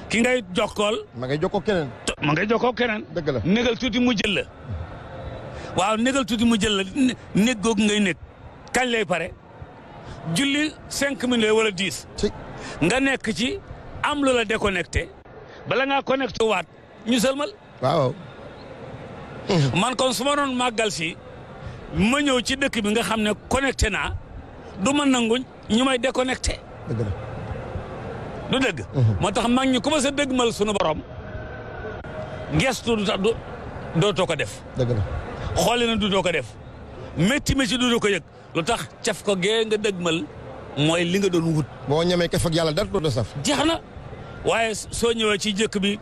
ki ngay jokkool. ma ngay jokkoo keneen. ma ngay jokkoo keneen. dëgg la négal tuuti mu jël la. waaw négal tuuti mu jël la ngay néeg kañ lay pare julli cinq minutes wala dix. nga nekk ci am lu la déconnecté bala ngaa connecté waat ñu sëlmal. waaw. man kon su ma doon màggal si ma ñëw ci dëkk bi nga xam ne connecté naa du ma nanguñ. ñu may déconnecté. dëgg la du dëgg. Mhm. moo tax mag ñi commencé dëggmal sunu borom gestu du tax du ko def. dëgg la na du doo def métti métti du doo ko yëg lu tax caf ko gee nga dëggmal mooy li nga doon wut. boo ñemee kaf ak yàlla dara doo saf. jeex na waaye soo ñëwee ci jëkk bi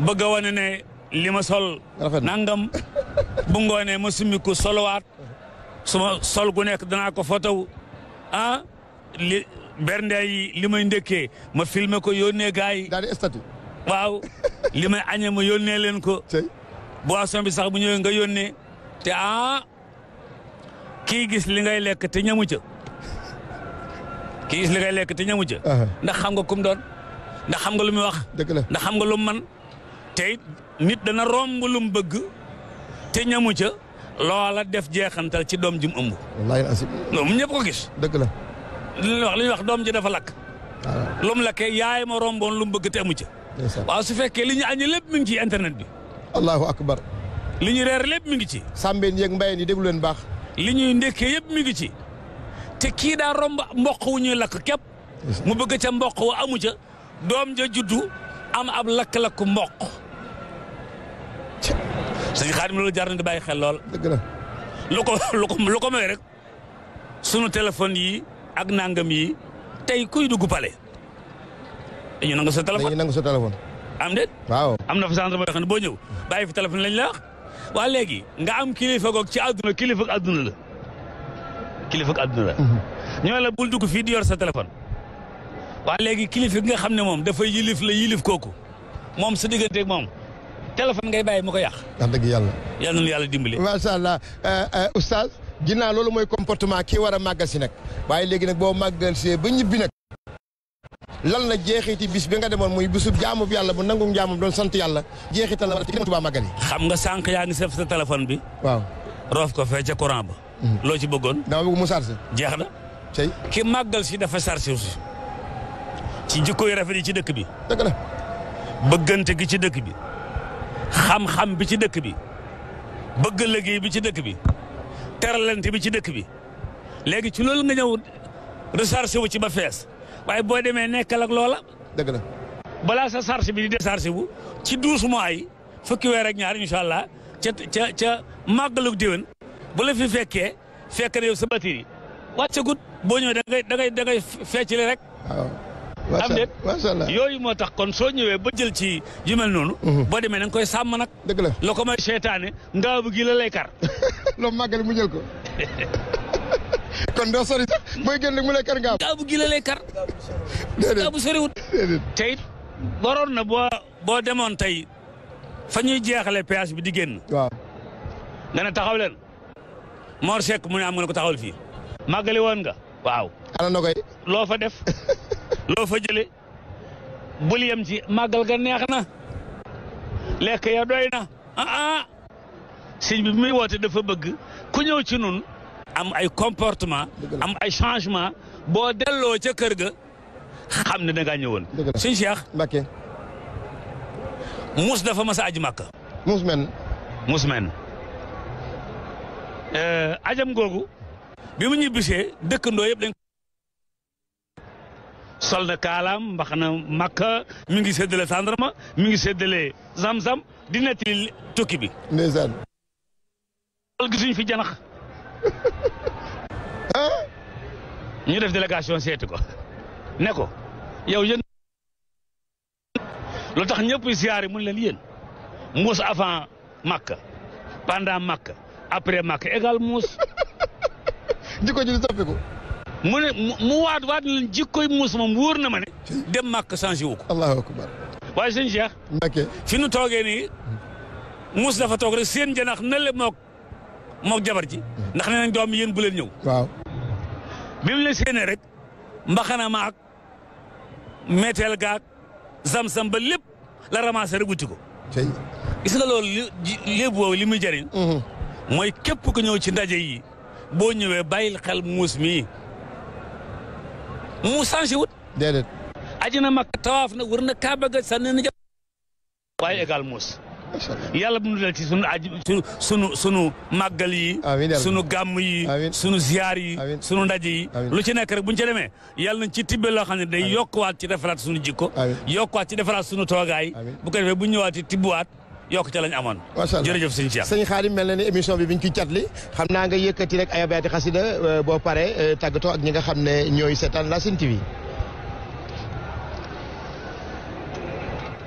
bëgg a wane ne li ma sol. nangam bu ngoonee ma summi ko solowaat. suma sol gu nekk danaa ko fotow ah. li bernde yi li may ndëkkee ma filmer ko yónnee gars waaw li may añee ma yónnee leen ko. boisson bi sax bu ñëwee nga yónnee te ah kii gis li ngay lekk te ñamu ca kii gis li ngay lekk te ñamu ca. ndax xam nga kum doon ndax xam nga lu muy wax. dëgg la ndax xam nga lum man tey nit dana romb lu bëgg te ñamu ca loola def jeexantal ci doom ji mu ëmb. wallaahi ñëpp ko gis. dëgg la. li ñuy wax li ñuy wax doom ji dafa lakk. lu mu lakkee yaay ma romboon lu mu bëgg te amu ca. waaw su fekkee li ñu aññe lépp mi ngi ci internet bi. allahu akbar. li ñu reer lépp mi ngi ci. sàmbeen yeeg mbayeen yi déglu leen baax. li ñuy ndekkee yëpp mi ngi ci. te kii daal romb mboq wu ñuy lakk képp. mu bëgg ca mboq wa amu ca. doom ja juddu am ab lakk-lakk mboq. sëñ Xaadim loolu bàyyi xel lool. dëgg rek sunu téléphone yi. ak nangam yi tey kuy dugg palais dañu nangu sa téléphone dañu nangu sa téléphone. am déet. waaw am na fa centre boo xam ne boo ñëw bàyyi fi téléphone lañ la waa léegi nga am kilifa goog ci àdduna kilifa ak àdduna la la. Mhm. ñoo la bul dugg fii di yor sa téléphone. waa léegi kilifa gi nga xam ne moom dafa yilif la yilif kooku moom sa digganteeg moom téléphone ngay bàyyi mu ko yàq. wax dëgg yàlla. dimbali. macha allah euh, euh, Gina loolu moy comportement ki wara a màggal si nag waaye léegi nag boo màggal ba ñibbi nak lan la jeexiti bis bi nga demone muy bisu jaamu bi yalla bu nangum jaamu doon sant yalla jeexita la ci tuba màggal yi. xam nga sank ya ngi sef sa telephone bi. waaw rof ko fe ci courant ba. Mhm. lo ci beggon da bu mu sarse jeexna na. ki magal ci dafa sarse si. ci jikko yi rafet ci dekk bi. dekk la. beugante gi ci dekk bi. xam-xam bi ci dekk bi. beug liggéey bi ci dekk bi. teralante bi ci dëkk bi léegi ci loolu nga ñëw rechargé wu ci ba fees waaye booy demee nekkal ak loola. dëgg la balaa sa charge bi di déchargé wu ci douze mois yi fukki weer ak ñaar incha allah ca ca ca màggalu déwén bu la fi fekkee fekk na yow sa batterie wàccagut boo ñëwee da ngay da rek. am déet yooyu moo tax kon soo ñëwee ba jël ci yu mel noonu mhm. boo demee nanga koy sàmm nag dëgg la la ko may seetaane ngaa bu gi la lay kar loo màggali mu jël ko kon doo sori sax booy génn mu lay kar ngaa bu gi la lay kar ngaa bu soriwut na boo boo demoon tey fa ñuy jeexale péage bi di génn waaw nga ne taxaw leen Mor Seck mu ne nga ne ko taxawal fi màggali woon nga waaw ana na koy loo fa def loo fa jële bul yem ci màggal ga neex na lekk ya doy na ah ah sëñ bi muy woote dafa bëgg ku ñëw ci nun am ay comportement am ay changement boo delloo ca kër ga xam ne da ngaa ñëwoon sëñ Cheikh Mbacké muus dafa mas a aji màkk muus men muus men euh, ajam googu bi mu ñibbisee dëkkandoo yëpp dañ sol na kaalaam mbax na makka mi ngi séddale sandarma mi ngi séddale zam-zam di nettali tukki bi. ndeysaan. loolu fi janax. ñu def délégation seeti ko ne ko yow yéen. lu tax ñëpp ziyaare mu leen yéen muus avant makka pendant makka après makka égal muus. jikko ji di soppiku. mu ne mu waat waat na leen jikkoy Muusa moom wóor na ma ne. dem màkk changé wu ko. allahu akbar. waaye sëñ Cheikh. ok nu toogee nii Muusa dafa toog rek seen janax na le mook mook jabar ji. ndax nee nañ doom yéen bu leen ñëw. waaw. bi mu la séenee rek mbaxana maak metteel gaak zam-zam lépp la ramassé rek wuti ko. gis nga loolu li léeb woowu mm-hmm. mooy képp ku ñëw ci ndaje yi boo ñëwee bàyyil xel muus mii. mu changé wut. déedéet. aji na Makka tawaaf na wër na Kaaba ga sànni na. waaye égal muus. yàlla bu ñu dal ci sunu aji sunu sunu màggal yi. sunu gàmm yi. sunu ziyaar yi. sunu ndaje yi. lu ci nekk rek bu demee yàlla nañ ci tibbe loo xam ne day yokkuwaat ci defaraat sunu jikko. amiin waat ci defaraat sunu toogaay. bu ko defee bu ñu ñëwaatee tibbuwaat. yokkute lañ amoon. macha allah jërëjëf sëñ Cheikh. sëñ Xaadim mel na ni émission bi biñ ci catli xam naa nga yëkkati rek ay baati xasida boo pare tàggatoo ak ñi nga xam ne ñooy seetaan la Sen TV.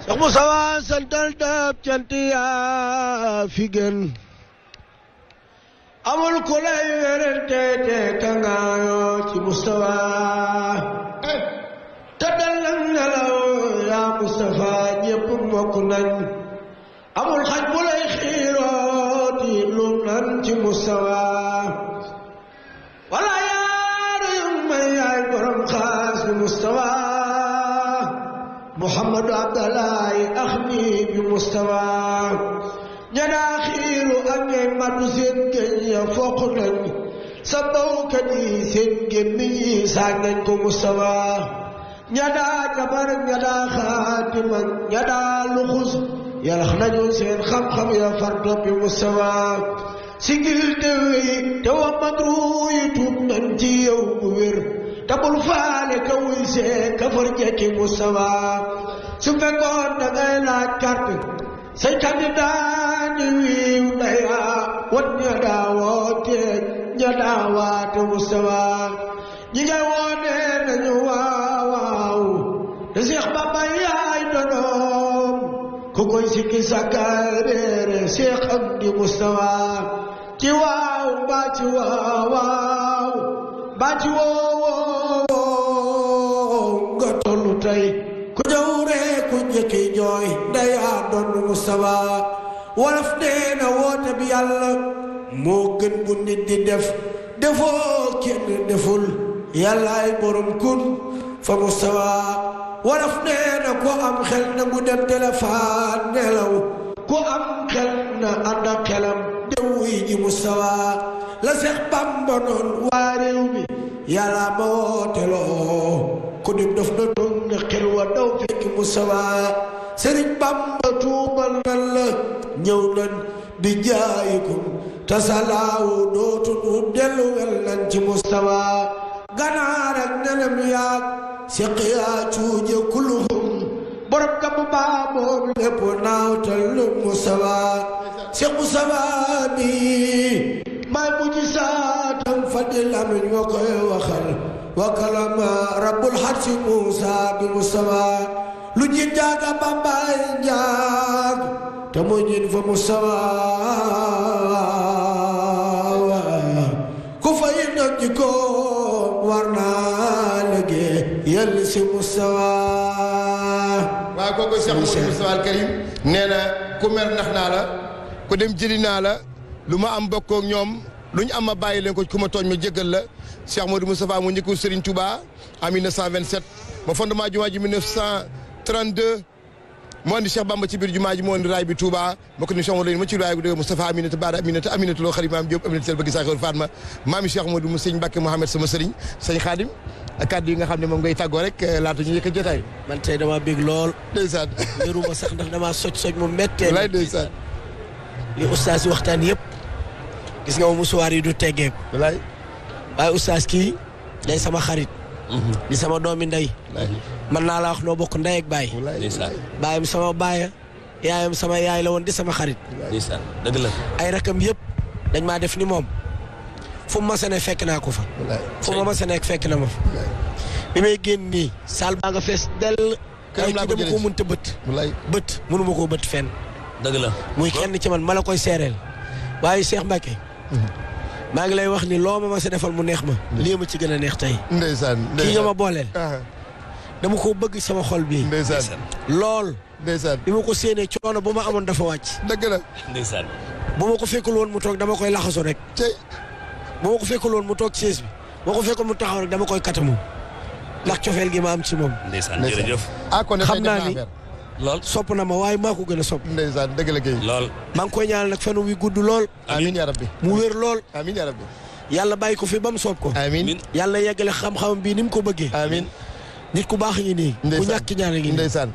Cheikh Moussa Wa santal dab cant yaa fi gën amul ku lay werante te kangaayoo ci Moustapha te dal nelaw yaa Moustapha ñëpp mokk nañ أبو الحج بلاي خيراتي لون أنت مستوى ولا يا ريم يا قرم خاص بمستوى محمد عبد الله أخني بمستوى ينا خير أني ما نزيد كي يفوقنا سبو كني سين كمي ساكن كمستوى ينا جبر ينا خاتم ينا لخصوص yalax nañu seen xam-xam ya far toppi mustawa sigil déwéy te wa madru yi tuub nañ ci yow bu wér tabul faale ka wuy see ka far jekki mustawa su fekkoon da ngay laaj carte say candidat ni wiiw daya wat ña daawoo te ña daawaate mustawa ñi ngay woon sikki sakkareere Cheikh Abdou Moustapha ci waaw ba ci waaw ba ci woowoo nga tollu tey ku ñëw ree dayaa doon Moustapha wolof nee na woote bi gën bu nit di def defoo kenn deful yàllaay borom kun fa Moustapha waraf nee na ko am xel na mu dem telefaan am xel na ànd xelam dem ji mu la Seex Bàmba noon waa réew mi yàlla ma wooteloo daf na toog nan la ñëw nan di jaayikum tasalaawu dootu nu delluwel nan ci mu ganaar a nenam yaag siqiyaa cuuje kulluhum borom ka bu baa moom lépp naaw tal lu mu sabaa siqu sabaa bi may mujj saatam fadilam ñoo koy waxal wa kalama rabbul harsi Muusa bi mu sabaa lu ji jaaga bambaay njaag te mujjin fa mu sabaa ku fa yindoon ji war naa liggéey yàlla si Moustapha. waaw kooku nee na ku mer ndax naa la ku dem jëli naa la lu ma am bokkook ñoom lu ñu am ma bàyyi leen ko ku ma tooñ ma jéggal la Cheikh Modou Moustapha mu njëkku Serigne Touba en 1927 ba fondement jumaa ji 1932. moo indi Cheikh Bamba ci biir jumaa ji moo indi raay bi Touba mbokk ni soxna leen ma ci raay bi dégg Moustapha Aminata Baara Aminata Aminata Lo Xarit Maam Diop Aminata Sel Bëgg Saxoor Fatma maami Cheikh Modou mu sëñ Mbacke Mouhamed sama sëriñ sëñ Xaadim kàddu yi nga xam ne moom ngay tàggoo rek laata ñu yëkkat jotaay man tey damaa bég lool ndeysaan wéruma sax ndax damaa soj soj mu méttee lay ndeysaan li oustaz yi waxtaan yëpp gis nga ma musuwaar yi du teggeeku waaye oustaz kii day sama xarit di sama doomi ndey man naa la wax noo bokk ndey ak baay baayam sama baaya yaayam sama yaay la woon di sama xarit la ay rakam yëpp dañ maa def ni moom fu ma fekk naa ko fa fu ma masa fekk na ma fa bi may génn nii saal baa nga fees dell kay kii dama ko mënta bët bët mënuma koo bët fen dëgg la muy kenn ci man ma la koy seereel waaye Cheikh Mbacke mhm. maa ngi lay wax ni loo ma ma sa defal mu neex ma. lii ma ci gën a neex tey. ndeysaan kii nga ma booleel. dama koo bëgg sama xol bii. ndeysaan lool. ndeysaan bi ma ko séenee coono bu ma amoon dafa wàcc. dëgg la ndeysaan. bu ma ko fekkul woon mu toog dama koy laxasu rek. tey bu ma ko fekkul woon mu toog siis bi. boo ko fekkoon mu taxaw rek dama koy katamu. ndax cofeel gi ma am ci moom. ndeysaan jërëjëf. ah kon xam naa ni. lool sopp na ma waaye maa ko gën a sopp ndeysaan dëgg la kay lool maa ngi koy ñaanal nag fenu gudd lool amiin yaa rabbi mu wér lool amiin yaa rabbi yàlla bàyyi ko fi ba mu soob ko amiin yàlla yeggale xam-xamam bii ni mu ko bëggee amiin nit ku baax ngi nii ku ñàkk ñaan ngi ndeysaan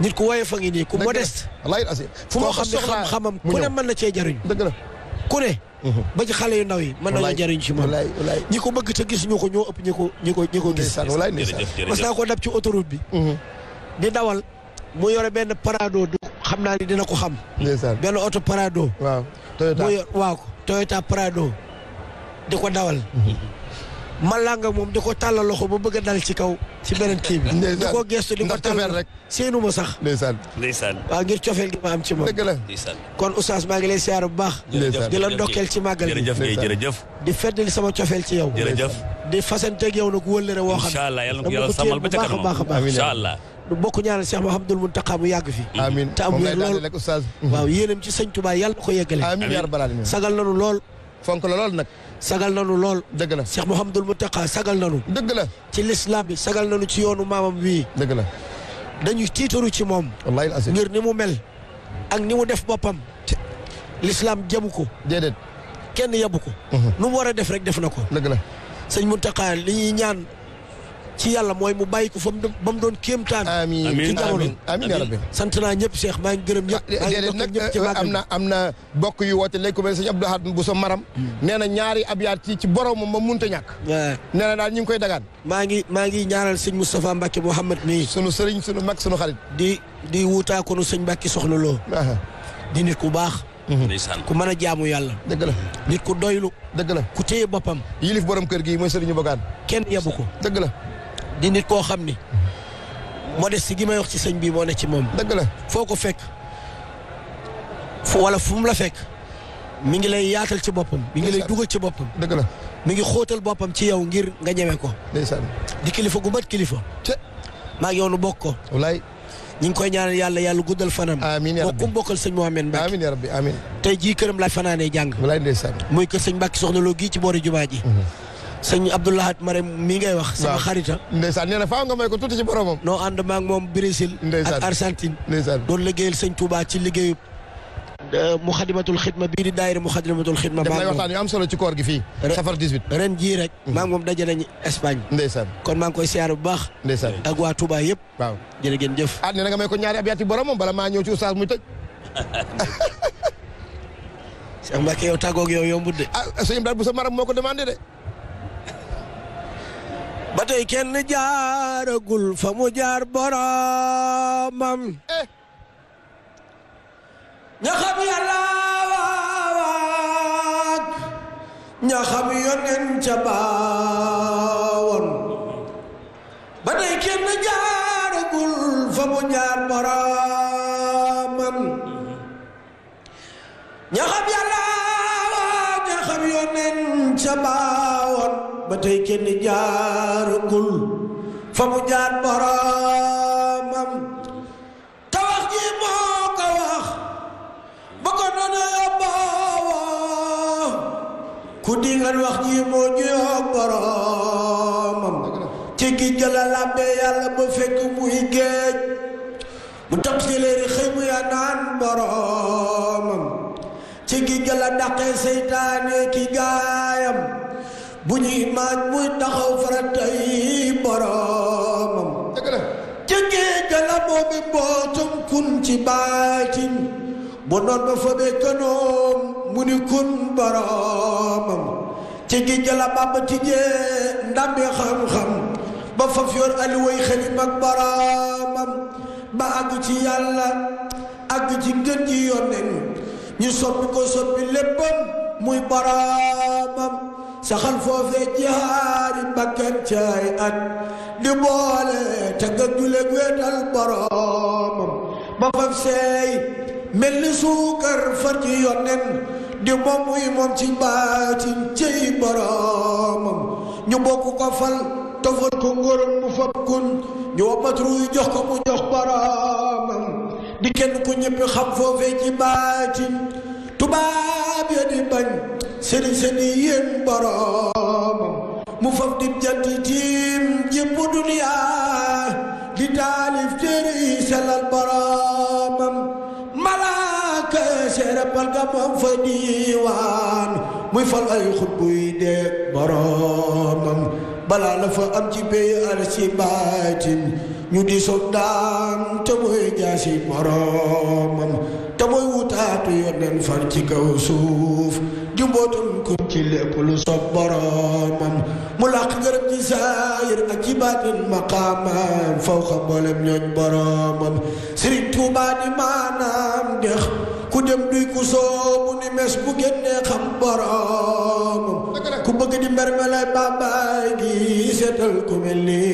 nit ku woyof a ngi nii ku modeste wallaay asi fu ma ko xam ne xam-xamam ku ne mën na cee jariñ dëgg la ku ne mhm. ba ci xale yu ndaw yi mën nañu jariñ ci moom ñi ko bëgg te gis ñu ko ñoo ëpp ñi ko ñi ko ñi ko gis mas naa ko dab ci autoroute bi mhm. di dawal mu yore benn parado du xam naa ni dina ko xam. benn oto parado. waaw Toyota mu yor waaw parado di ko dawal. Mm-hmm. ma langa moom di ko tàllal loxo ba bëgg dal ci kaw ci beneen kii bi. di ko gestu di ko tàllal rek seenu ma sax. ndeysaan ndeysaan waaw ngir cofeel gi ma am ci moom. dëgg la kon Oustaz maa ngi lay siyaar bu baax. di la ndokkeel ci màggal gi jërëjëf di feddali sama cofeel ci yow. jërëjëf di fasanteeg yow nag wëllëre woo xam. incha allah yàlla samal ba ca kanam incha allah du bokk ñaanal Cheikh Mouhamadoul Mountakha mu yàgg fi amiin te am wér lool waaw yéenam ci sëñ Tuubaa yàlla na ko yeggale amiin yaa rabbal aalamiin sagal nanu lool fonk la lool nag sagal nanu lool dëgg la Cheikh Mouhamadoul Mountakha sagal nanu dëgg la ci lislaam bi sagal nanu ci yoonu maamam wi dëgg la dañuy tiitaru ci moom wallaahi al ngir ni mu mel ak ni mu def boppam lislaam jamu ko déedéet kenn yabu ko mhm. nu mu war a def rek def na ko dëgg la sëñ ñaan ci yàlla mooy mu bàyyi ko fa mu ba doon kéemtaan. amiin amiin amiin amiin yaa rabbi sant naa ñëpp Cheikh maa ngi gërëm ñëpp. Ah, maa ngi nag am na am na bokk yu woote léegi ku mel ne sëñ Abdou Ahad bu sa maram. Hmm. nee ñaari abyaat ci ci boromam ma munta ñàkk. nee na daal ñu ngi koy dagaan. maa ngi maa ngi ñaanal sëñ Moustapha Mbacke Mouhamed mii. sunu sëriñ sunu mag sunu xarit. di di wuutaa ko nu sëñ Mbacke soxla loo. di nit ku baax. Hmm. ku mën a jaamu yàlla. dëgg la nit ku doylu. dëgg la ku téye boppam. yilif borom kër gi mooy sëriñu bogaan. kenn yebu ko dëgg la di nit koo xam ni moo modeste gi may wax ci sëñ bi moo ne ci moom. dëgg la foo ko fekk fu wala fu mu la fekk mi ngi lay yaatal ci boppam. mi ngi lay dugal ci boppam. dëgg la mi ngi xootal boppam ci yow ngir nga ñeme ko. ndeysaan di kilifa gu mat kilifa. te maa ngi yow bokk ko. walaay. ñi ngi koy ñaanal yàlla yàlla guddal fanam amiin yaa rabbi kum bokkal sëñ moo Mbacke amiin yaa rabbi amiin tey jii këram laay fanaanee jàng walaay ndeysaan muy kër sëñ Mbacke soxna loo gii ci boori jumaa ji mhm. sëñ Abdoulahat Marème mi ngay wax. sama xarita. ndeysaan nee na faaw nga may ko tuuti ci boromam. noo ànd maak moom Brésil. ak Argentine. ndeysaan doon liggéeyal sëñ Touba ci liggéeyu. muxadimatul xidma bii di daayira muxadimatul xidma. maa ngi solo ci koor gi fii. safar 18 ren jii rek. Mhm. maa ngi moom daje nañu Espagne. kon maa ngi koy siyaar bu baax. ndeysaan ak waa Touba yëpp. waaw jërë ngeen jëf. ah nee na nga may ko ñaari abyaati boromam bala maa ñëw ci oustaz muy tëj. Cheikh Mbacke yow tàggoog yow yombut ah, sa maram moo ko demandé de. ba tey kenn jaaragul fa mu jaar boromam eh. ña xam yàlla waak ña xam yonen ca ca baawoon ba tey kenn jaaragul fa mu jaar boromam te wax ji moo ko wax ba ko doona yóbboo ku dingal wax ji moo juyoo boromam ci gi jëla làmbe yàlla ba fekk muy géej mu tam si léeri xëy naan boromam ci gi jëla dàqee seytaane ki gaayam bu ñuy maaj muy taxaw faratay boromam jëggee jala moomi bootum kun ci baatin bu noon ba fa bee kanoom mu ni kun boromam ci gi jala tijjee ndambi xam-xam ba faf yor aliway xalim ak boromam ba àgg ci yàlla àgg ci ngën ji yonnen ñu soppi ko soppi léppam muy boromam saxal foofee jaari bakkan caay at di boole tagga juleeg weetal boroomam ba faf seey mel ni suukar far ci yonen di moom muy moom ci baatin cëy boroomam ñu bokk ko fal tofal ko ngërëm mu fab kun ñu jox ko mu jox boroomam di kenn ku ñëpp xam foofee ci baatin tubaab ya di bañ sëriñ sëriñ yéen mu faf di janti tiim jëpp duniyaa di taalif téere yi sellal boroomam malaaka seerapal ga moom fa diiwaan muy fal ay xutbuy dee boroomam balaa la fa am ci béy ar ñu di soog daan te mooy jaasi wutaatu yonen far ci kaw suuf jumbootum ko ci lépp lu soog boromam mu làq ngërëm ci saayir ak ci baatin maqaamam faw xam mboolem ñooñ boromam Sëriñ maanaam dex ku dem duy ku soobu ni mes bu génnee xam boromam ku bëgg di mbermelay bàmbaay gi seetal ku mel ni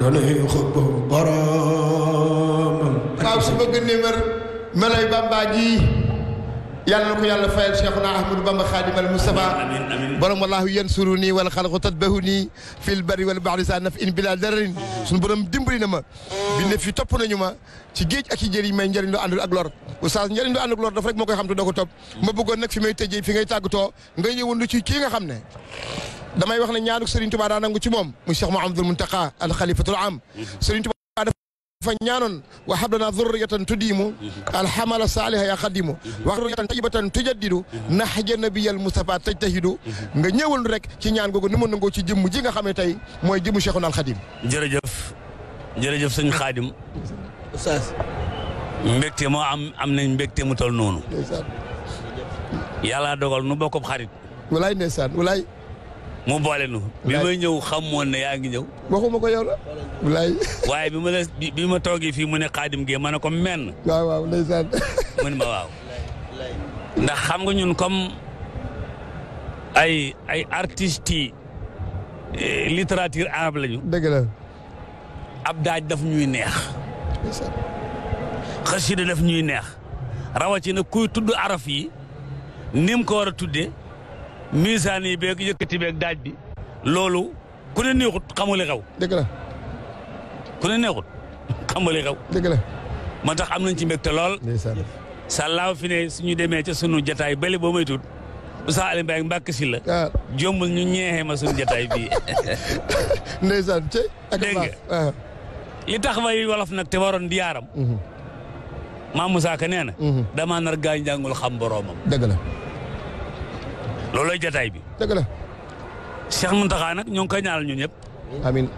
danay xëpp boroomam waaw su bëgg numéro meloy Bamba ji yàlla na ko yàlla fayal cheikhuna ahmadou bamba xaadimal moustapha borom wallahu yansuru nii wala xalqu tatbahu nii fil bari wal bahri sa naf in bila dararin suñu borom dimbali na ma bi ne fi topp nañu ma ci géej ak ci jëriñ may njëriñ lu àndul ak lor oustaz njëriñ lu àndul ak lor dafa rek moo koy xam te doo ko topp ma bëggoon nag fi may tëjee fi ngay tàggatoo nga ñëwoon lu ci kii nga xam ne damay wax ne ñaanuk Serigne Touba daa nangu ci moom muy Cheikh Mouhamadoul Mountakha al xalifatul am Serigne Touba fa ñaanoon wa hablana dhurriyatan tudimu alhamala saliha ya khadimu wa dhurriyatan tayyibatan tujaddidu nahja nabiyal mustafa tajtahidu nga ñëwal rek ci ñaan googu ni mu nangoo ci jëmm ji nga xam ne tey mooy jëmmu cheikhun al khadim jërëjëf jërëjëf xaadim Khadim oustaz mbégte moo am am nañ mbégte mu tol noonu yàlla dogal nu bokkub xarit mu boole nu bi may ñëw xamoon ne yaa ngi ñëw. waxuma ko yow la. waaye bi ma la bi ma toogee fii mu ne xaadim gee ma ne ko menn. waaw waaw ma waaw. ndax xam nga ñun comme ay ay artistes yi eh, littérature arabe lañu. ab daaj daf ñuy neex. xasida daf ñuy neex. rawatina kuy tudd araf yi nim ko war a tuddee. miisaan yi beeg yëkkati beeg daaj bi loolu ku ne neexut xamuli xew. dëgg la. ku ne neexut xamuli xew. dëgg la. moo tax am nañ ci te lool. ndeysaan. sàllaaw fi ne suñu demee ca sunu jataay bële boo may tuut Oustaz Alioune Mbaye Mbàkke si la. waaw ah. jombul ñu ñeexee ma sunu jataay bii. ndeysaan ci ak dégg ah. li tax way wolof nag te waroon di yaaram. Mhm. maam Moussa Ka nee na. Mhm. damaa nar gaañ jàngul xam boroomam. dëgg la. loolooy jataay bi. dëgg la. Cheikh nag ñoo ngi koy ñaanal ñun ñëpp. amiin.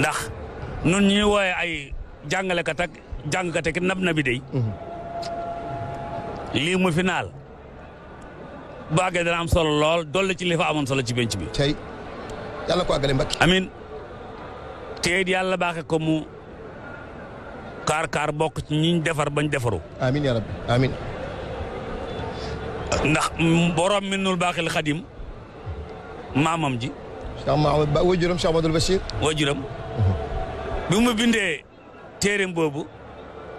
ndax nun ñuy wooye ay jàngalekat ak jàngkat ak nab nabi day mhm. lii mu final bu àggee dana am solo lool dolli ci li fa amoon solo ci benc bi. tey yàlla ko àggale mbakki. amiin te it yàlla baaxee ko mu kaar kaar bokk ci ñi ñu defar bañ defaru amiin ndax borom Minanul Baaxil Xadim maamam ji. Cheikh Mahamad Ba wajuram Cheikh Amadou Bachir. wajuram bi mu bindee téereem boobu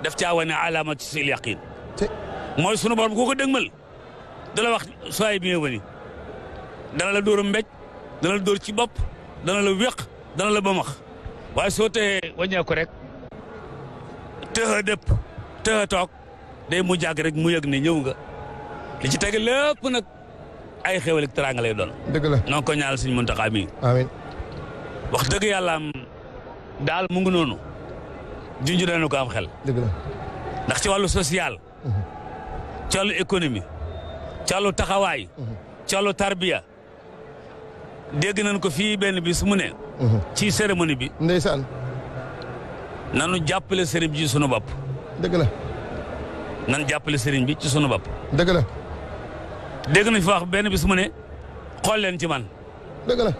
daf caa wane alaama ci sil yaqin. mooy sunu borom ku ko dëgmal dala wax sooy bi wani dana la dóor mbéj dana la dóor ci bopp dana la wéq dana la bëmax waaye soo tee wàññeeku rek tëx a dëpp tëx a toog day mu jàgg rek mu yëg ne ñëw nga. li ci teg lépp nag ay xéwal ak teraanga doon. dëgg la noo ko ñaal suñu Muntaxa mi. amiin wax dëgg yàlla daal mu ngi noonu junj nañu ko am xel. dëgg ndax ci wàllu social. Mhm. ci wàllu économie. ci wàllu taxawaay. Mhm. ci wàllu tarbiya. dégg nañ ko fii benn bis mu nee mhm. ci cérémonie bi. ndeysaan. nanu jàppale sëriñ bi ci sunu bopp. dëgg la. nan jàppale sëriñ bi ci sunu bopp. dëgg la. dégg nañ fa wax benn bis mu ne xool leen ci man. dëgg la.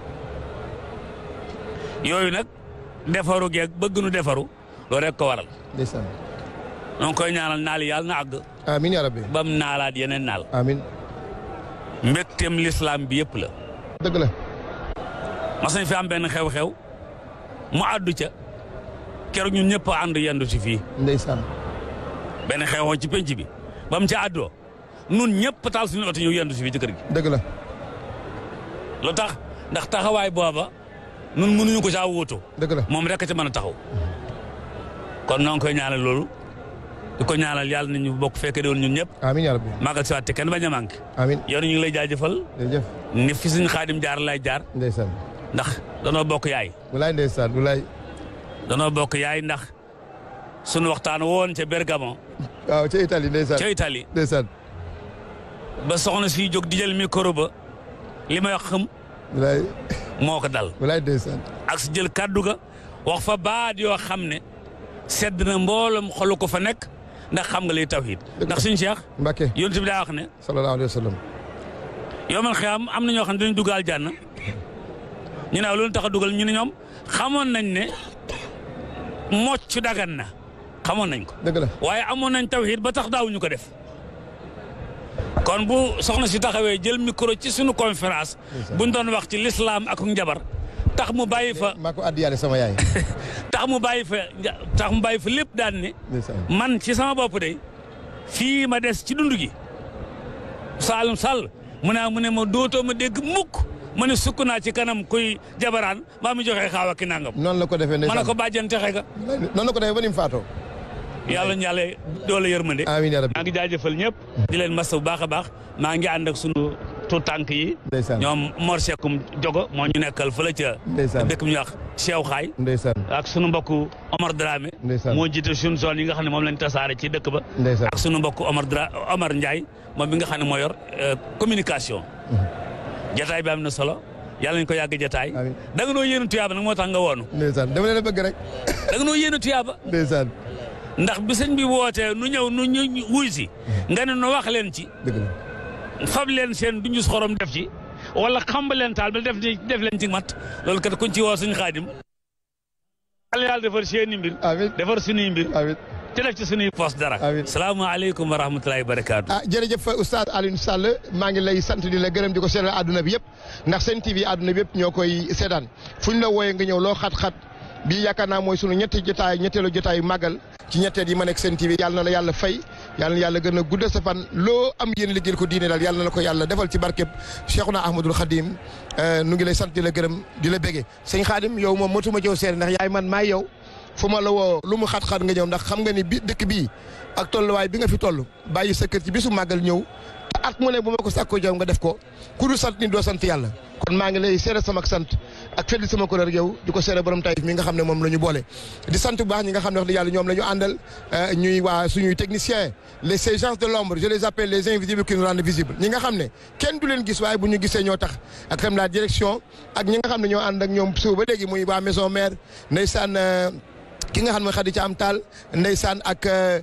yooyu nag defaru geeg bëgg nu defaru loo rek ko waral. ndeysaan. ñoo koy ñaanal naal yàlla na àgg. amiin yaa rabbi. naalaat yeneen naal. amiin. mbégteem lislaam bi yëpp la. dëgg la. mas fi am benn xew-xew mu àddu ca keroog ñun ñëpp ànd yendu ci fii. benn xew ci penc bi ba ca àddoo nun ñëpp taal si oto ñëw yendu si fii kër gi. dëgg la. lu tax ndax taxawaay booba nun mënuñu ko saa wóoto. dëgg la moom rek ca mën a taxaw. kon noo koy ñaanal loolu di ko ñaanal yàlla nañu bokk fekke doon ñun ñëpp. amiin yaa rabbi màggal si waat te kenn bañ a manqué. ñu ngi lay jaajëfal. jërëjëf ni fi suñu xaadim jaar lay jaar. ndeysaan ndax danoo bokk yaay. wulaay ndeysaan wulaay. danoo bokk yaay ndax sunu waxtaan woon ca Bergamo. waaw ca Italie ndeysaan ca Italie ndeysaan ba soxna si jóg di jël micro ba li may wax xam. moo ko dal. walaay ndeysaan ak si jël kàddu ga wax fa baat yoo xam ne sedd na mboolem xolu ko fa nekk ndax xam nga lay tawhid ndax suñu Cheikh. Mbacké yonent bi daa wax ne. sallallahu alayhi wa sallam. am na ñoo xam ne dañu dugg aljanna ñu ne loolu tax a dugal ñu ne ñoom xamoon nañ ne mocc dagan na xamoon nañ ko. dëgg la waaye amoon nañ tawhid ba tax daawuñu ko def. kon bu soxna si taxawee jël micro ci suñu conférence. buñ doon wax ci lislaam ak jabar tax mu bàyyi fa maa ko addiyaale sama yaay. tax mu bàyyi fa tax mu bàyyi fa lépp daan ni man ci sama bopp de fii ma des ci dund gi. Saalum Sall mu ne mu ne ma dootoo ma dégg mukk ma ne sukk naa ci kanam kuy jabaraan maa mu joxe xaawa ki nangam. noonu la ko defee ne ma ne ko bàjjan texe ga. noonu la ko defee ba ni yàlla ñu yàlla doole yërmande amiin yaa ngi jaajëfal ñëpp di leen masa bu baax a baax maa ngi ànd ak sunu tu tànk yi ñoom Mor Sekum Jogo moo ñu nekkal fële ca dëkk bi ñu wax Cheikh Xaay ak sunu mbokku Omar Dramé moo jiite suñu zone yi nga xam ne moom lañ tasaare ci dëkk ba ak sunu mbokku Omar Dra Omar moom bi nga xam ne moo yor euh, communication mm-hmm. jataay bi am na solo yàlla nañu ko yàgg jataay da noo yéenu tuyaaba nag moo tax nga woonu ndeysaan noo yéenu tuyaaba ndax bi sëñ bi wootee nu ñëw nu ñu wuy si mm-hmm. nga ne nu wax leen ci fam leen seen du ñu xorom def ci wala xamba leen taal ba def ni def leen ci mat loolu kat kuñ ci woo suñu xaadim xale yàlla defar seeni mbir defar suñuy mbir ci def ci suñuy poos dara salaamaaleykum wa rahmatulahi wa barakaatu ah jërëjëf oustaz alin Sall maa ngi lay sant di la gërëm di ko seetaan àdduna bi yëpp ndax seen TV àdduna yëpp ñoo koy seetaan fu ñu la wooyee nga ñëw loo xat-xat bii yaakaar naa mooy sunu ñetti jotaay ñetteelu jotaayu màggal ci ñetteel yi ma nekk seen TV yàlla na la yàlla fay yàlla na yàlla gën a guddal sa fan loo am yéen liggéeyal ko diine daal yàlla na la ko yàlla defal ci barkeb Cheikhuna Ahmadul Khadim euh, nu ngi lay sant di la gërëm di la bége sëñ Khadim yow moom matuma jow seere ndax yaay man maay yow fu ma la woo lu mu xat-xat nga ñëw ndax xam nga ni bi dëkk bi ak tolluwaay bi nga fi toll bàyyi sa kër ci bisu màggal ñëw te at mu ne bu ma ko sàkkoo jow nga def ko ku du sant sant yàlla kon maa ngi lay seere sama sant ak fedd sama kóllëre ak yow diko ko borom tayf mi nga xamné mom lañu bolé di sant bu baax ñi nga xamné wax dëgg yàlla ñoom la ñu euh, ñuy wa suñuy techniciens les ces gens de l'ombre je les appelle les invisibles qui nous rendent visibles ñi nga xamné ne kenn du leen gis waye bu ñu gisee ñoo tax ak xam la direction ak ñi nga xamné ño and ak ñom suuf légui muy waa maison mère ndeysaan euh, ki nga xam ne xadi ca am taal ndeysaan ak euh,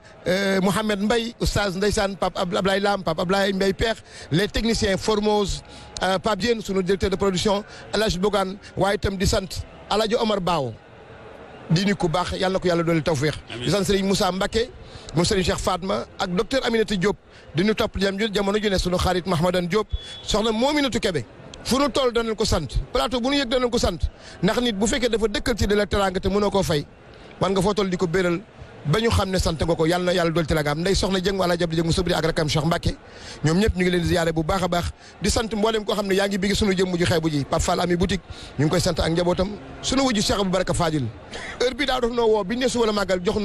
Mbaye oustaz ndaysan Pape Ablaye Lam Pape Ablaye Mbaye père les techniciens Formose euh, Pape Diène sunu directeur de production El Bogan, Waitem Dissant, itam di Omar Baaw di Koubach, ku baax yàlla na ko di Serigne Moussa Mbake, moom Serigne Cheikh Fatma ak docteur Aminata Diop di ñu top jam jamono ju ne sunu Kharit Mahmadan Diop soxna Mominatou Kébé. fu nu toll danañ ko sant plateau bu nu yëg danañ ko sant ndax nit bu fekkee dafa dëkkal ci de la teraanga te mënoo koo fay man nga foo toll di bañu xam ne sant nga ko yàlla na yàlla dolli tilagaam nday soxna jëng wala jab jëng mu sobri ak rakam Cheikh Mbacke ñoom ñëpp ñu leen di ziyaare bu baax a baax di sant mboolem koo xam ne yaa ngi bigi sunu jëmm ju xeebu ji Pape Fall ami boutique ñu ngi koy sant ak njabootam sunu wujju Cheikh Abou Baraka Fadil heure bi daa dof noo woo bi ne wala màggal jox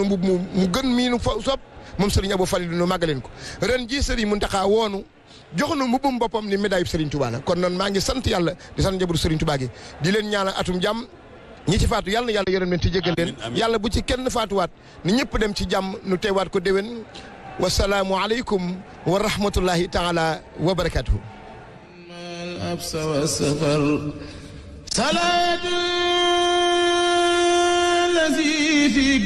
nu mbubum boppam ni médaille Serigne Touba la kon noonu maa ngi sant yàlla di sant njabootu Serigne Touba gi di leen ñaanal ñi ci faatu yàlla na yàlla yërëm leen te jéggal leen yàlla bu ci kenn faatuwaat ni ñëpp dem ci jàmm nu teewaat ko déwén wasalaamu aleykum wa rahmatullahi taala wa barakatuhu absa wa safar salaatu lazi fi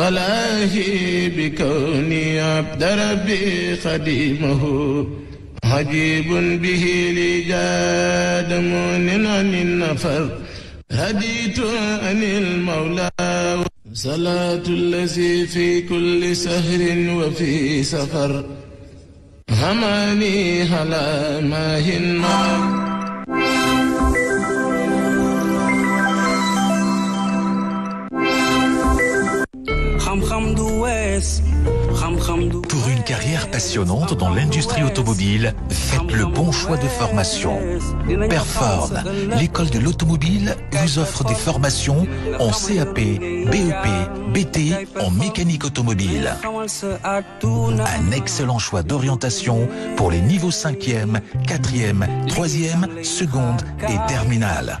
فلاهي بكوني عبد ربي خديمه عجيب به لي جاد مؤمن عن نعم النفر هديت عن المولى صلاة الذي في كل سهر وفي سفر هماني على ما هي النار Pour une carrière passionnante dans l'industrie automobile, faites le bon choix de formation. Perform, l'école de l'automobile, vous offre des formations en CAP, BEP, BT, en mécanique automobile. Un excellent choix d'orientation pour les niveaux 5e, 4e, 3e, seconde et terminale.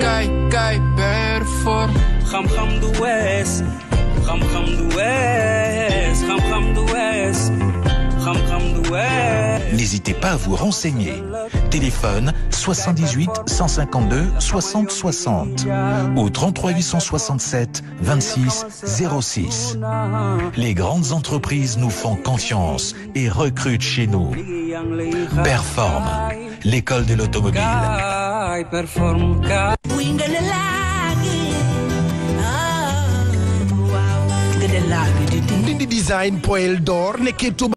kijk, kijk, for. Gam, come, doe es. Gam, come, doe es. Gam, gam, doe es. N'hésitez pas à vous renseigner. Téléphone 78 152 60 60 ou 33 867 26 06. Les grandes entreprises nous font confiance et recrutent chez nous. Perform, l'école de l'automobile.